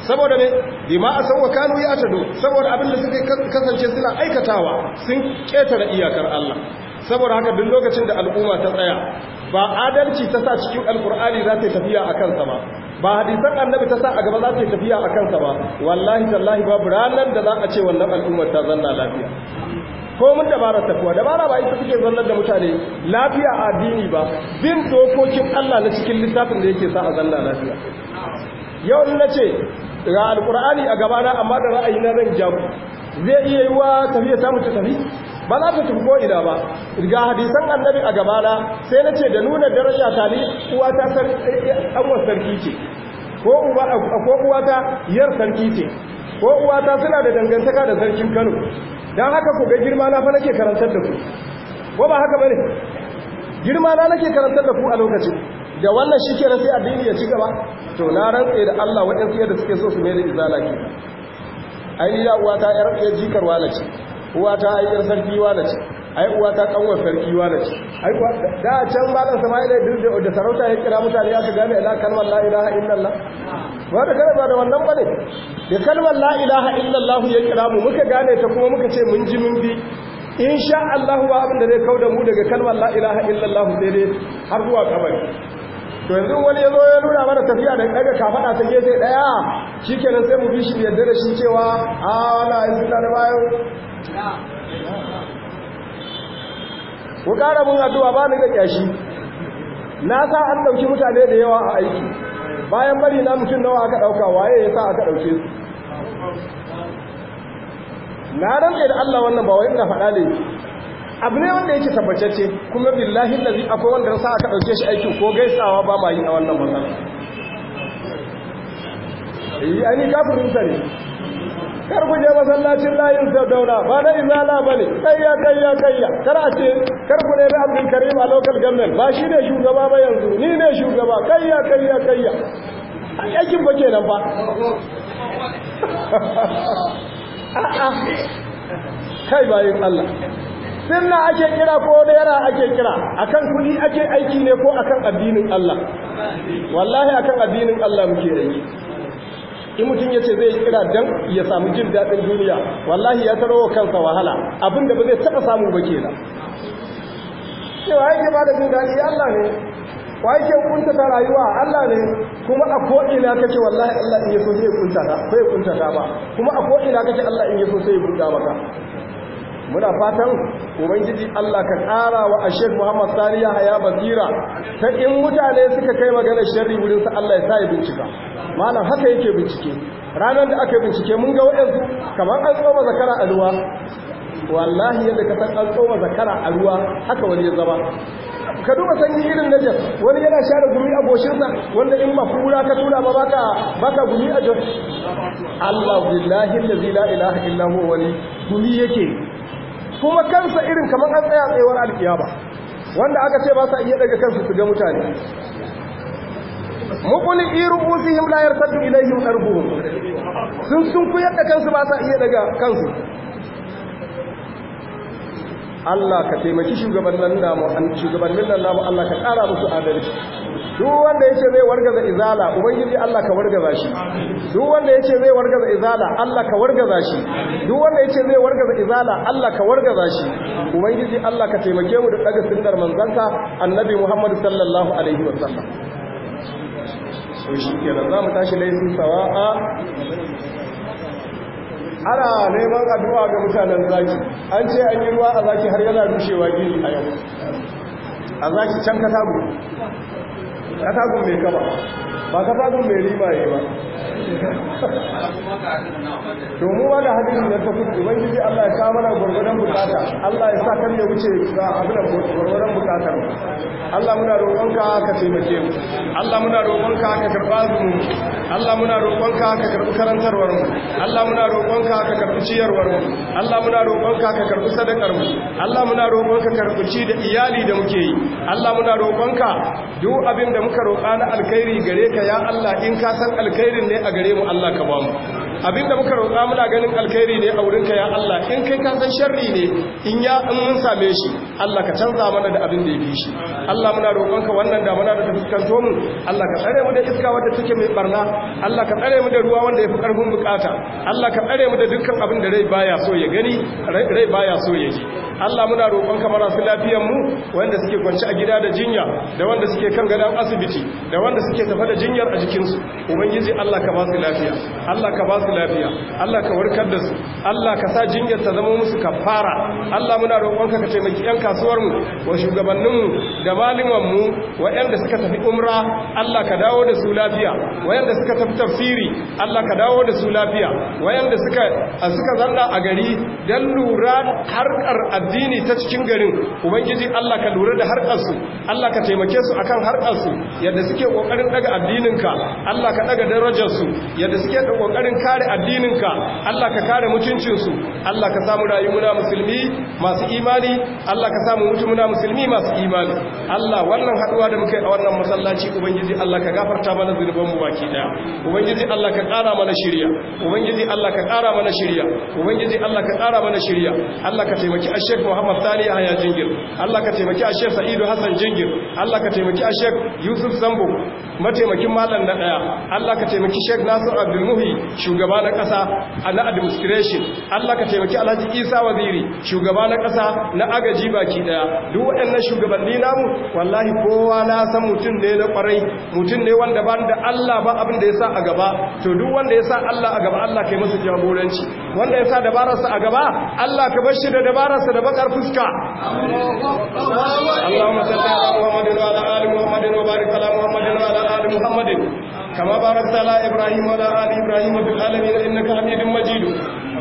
Speaker 1: saboda ne bima asawwa kanu ya tadu saboda abin da
Speaker 4: suka kasance suna aikatawa
Speaker 1: sun ketare iyakar Allah saboda haka duk lokacin da al'umma ta tsaya ba adalci ta sa cikin alkur'ani za ta yi tafiya a kansa ba ba hadisan annabi ta sa a gaba za ta yi tafiya a kansa ba wallahi tallahi babu ranar da za a ce wannan al'ummar ta zanna lafiya ko mun dabara kuwa dabara ba ita take zallar da mutane lafiya a addini ba bin dokokin Allah na cikin littafin da yake sa a zanna lafiya yau na ce ga alkur'ani a gaba na, amma da ra'ayi na zan jabu zai iya yiwa tafiya ta mutu tafi ba za ta tafi ina ba ga hadisan annabi a gaba na sai na ce da nuna daraja tali uwa ta sarki ce ko uwa ta yar sarki ce ko uwa ta suna da dangantaka da sarkin kano don haka ku ga girma na fa nake karantar da ku ko ba haka bane girma na nake karantar da ku a lokacin da wannan shi ke sai addini ya ci gaba to na rantse da Allah waɗansu yadda suke so su mai da izala ke ai ya uwa ta yar jikar walaci uwa ta aikar sarki wala ce ai uwa ta kanwar sarki wala ce ai kuwa da a can malam sama'ila duk da sarauta ya kira mutane aka gane ila kalmar la ilaha illallah da kana ba da wannan bane da kalmar la ilaha illallah ya kira mu muka gane ta kuma muka ce mun ji mun bi insha Allah ba abin da zai kauda mu daga kalmar la ilaha illallah sai dai har zuwa kabari to yanzu wani ya zo ya nuna mana tafiya da daga kafaɗa ta gefe ɗaya shi kenan sai mu bi shi yadda da shi cewa a wana yin suna da bayan ku ƙara mun addu'a ba ni ga ƙyashi na sa an ɗauki mutane da yawa a aiki bayan bari na mutum nawa aka ɗauka waye ya sa aka ɗauke su na rantsa da Allah wannan ba wai ina faɗa ne abu ne wanda yake tabbatacce kuma billahi zai akwai wanda sa aka ɗauke shi aiki ko gaisawa ba ma yi a wannan wannan yi ainihin kafirin ne. kar ku je masallacin layin daura ba na izala ba ne kayya kayya kayya kar a ce kar ku ne da abdul karim a local government ba shi ne shugaba ba yanzu ni ne shugaba kayya kayya kayya aikin ba ke nan ba a'a kai bayin Allah sunna ake kira ko yara ake kira akan kuɗi ake aiki ne ko akan addinin Allah wallahi akan addinin Allah muke aiki in mutum ya ce zai kira dan ya samu jin daɗin duniya wallahi ya tarawa kansa wahala abin da ba zai taɓa samu ba ke nan yake ba da jin daɗi Allah ne wa yake kuntata rayuwa Allah ne kuma a ko'ina kake wallahi Allah in yaso zai kuntata ko ya kuntata ba kuma a ko'ina kake Allah in yaso sai ya kunta maka muna fatan ubangiji Allah ka ƙara wa ashir Muhammad Sani Yahaya basira ta in mutane suka kai maganar sharri wurin sa Allah ya sa ya bincika malam haka yake bincike ranar da aka bincike mun ga wayansu kamar an tsoma zakara a ruwa wallahi yadda ka san an tsoma zakara a ruwa haka wani ya zama ka duba sanyi irin na jas wani yana share gumi a goshinsa wanda in ba kura ka tura ba baka baka gumi a jas Allah billahi allazi la ilaha illa huwa wani gumi yake kuma kansa irin kamar an tsaya tsayuwar alkiyaba wanda aka ce ba sa iya daga kansu su ga mutane muqulin iruhusihim la yartaddu ilayhim arbuhum sun sun ku yadda kansu ba sa iya daga kansu Allah ka taimaki shugabannin namu shugabannin nan namu Allah ka ƙara musu adalci duk wanda yace zai wargaza izala ubangiji Allah ka wargaza shi duk wanda yace zai wargaza izala Allah ka wargaza shi duk wanda yace zai wargaza izala Allah ka wargaza shi ubangiji Allah ka taimake mu da daga sunnar manzanka annabi Muhammad sallallahu alaihi wasallam so shi kenan zamu tashi laifin sawa'a ana neman addu'a ga mutanen zaki an ce an yi ruwa a zaki har yana rushewa gini a yau a zaki can ka tabu katakon mai kaba ba katakon mai riba ne ba domin wani hadisin da ta kudu ubangiji Allah ya kawo mana gwargwadon bukata Allah ya sa kan ya wuce a abin gwargwadon bukatar Allah muna roƙonka ka taimake mu Allah muna roƙonka ka karɓa zumu Allah muna roƙonka ka karɓi karantarwar mu Allah muna roƙonka ka karɓi ciyarwar mu Allah muna roƙonka ka karɓi sadakar mu Allah muna roƙonka ka karɓi ci da iyali da muke yi Allah muna ka duk abin da muka roƙa na alkhairi gare ka ya Allah in ka san alkhairin ne a gare mu Allah ka ba mu abinda muka roƙa muna ganin alkhairi ne a wurinka ya Allah in kai ka san sharri ne in ya in mun same shi Allah ka canza mana da abin da ya fi shi Allah muna roƙonka wannan damuna da ta fuskanto mu Allah ka tsare mu da iska wadda take mai barna Allah ka tsare mu da ruwa wanda yafi karfin bukata Allah ka tsare mu da dukkan abin da rai baya so ya gani rai baya so ya ji Allah muna roƙon ka marasu lafiyar mu wanda suke kwanci a gida da jinya da wanda suke kan gadon asibiti da wanda suke tafa da jinyar a jikinsu ubangiji Allah ka ba su lafiya Allah ka ba su lafiya Allah ka warkar da su Allah ka sa jinyar ta zama musu kafara Allah muna roƙon ka taimaki yan kasuwar mu wa shugabannin mu da malaman mu da suka tafi umra Allah ka dawo da su lafiya Wa da suka tafi tafsiri Allah ka dawo da su lafiya Wa wayanda suka suka zanna a gari dan lura harkar addini ta cikin garin ubangiji Allah ka lura da harkarsu Allah ka taimake su akan harkarsu yadda suke kokarin daga addininka Allah ka daga darajarsu yadda suke da kokarin kare addininka Allah ka kare mutuncinsu Allah ka samu rayuwa musulmi masu imani Allah ka samu mutumuna musulmi masu imani Allah wannan haduwa da muke a wannan masallaci ubangiji Allah ka gafarta mana zunubanmu baki daya ubangiji Allah ka kara mana shirya ubangiji Allah ka kara mana shirya ubangiji Allah ka kara mana shirya Allah ka taimaki ashe Sheikh Muhammad Sali yahya Jingir Allah ka taimaki a Sheikh Sa'idu Hassan Jingir Allah ka taimaki a Sheikh Yusuf Sambo mataimakin mallan na daya Allah ka taimaki Sheikh Nasir Abdul Muhi shugaba na kasa na administration Allah ka taimaki Alhaji Isa Waziri shugaba na kasa na agaji baki daya duk waɗannan shugabanni namu wallahi kowa na san mutum ne na kwarai mutum ne wanda ba da Allah ba abin da ya a gaba to duk wanda ya sa Allah a gaba Allah kai masa jagoranci wanda ya sa dabararsa a gaba Allah ka bar shi da dabararsa da bakar fuska Allahumma salli ala Muhammadin wa ala ali Muhammadin wa barik ala Muhammadin wa ala ali Muhammadin كما باركت على إبراهيم وعلى آل إبراهيم في العالمين إنك حميد مجيد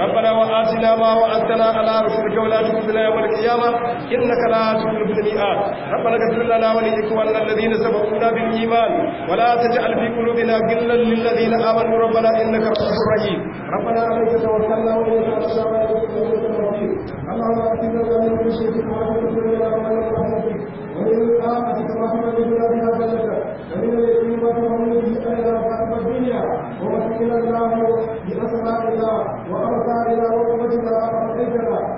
Speaker 1: ربنا وآتنا ما وعدتنا على رسلك ولا تخزنا يوم القيامة إنك لا تخلف الميعاد ربنا اغفر لنا ولإخواننا الذين سبقونا بالإيمان ولا تجعل
Speaker 3: في
Speaker 4: قلوبنا غلا للذين آمنوا ربنا إنك رؤوف رحيم ربنا عليك توكلنا وإليك أنبنا اللهم اعطنا من كل شيء وعافنا من كل ومن الآخرة رحمة بنا بها بلدك ومن اليقين ما تؤمن لنا الحكم الدنيا ومكن الله بأسمائنا وأمثالنا وقوتنا وأرضنا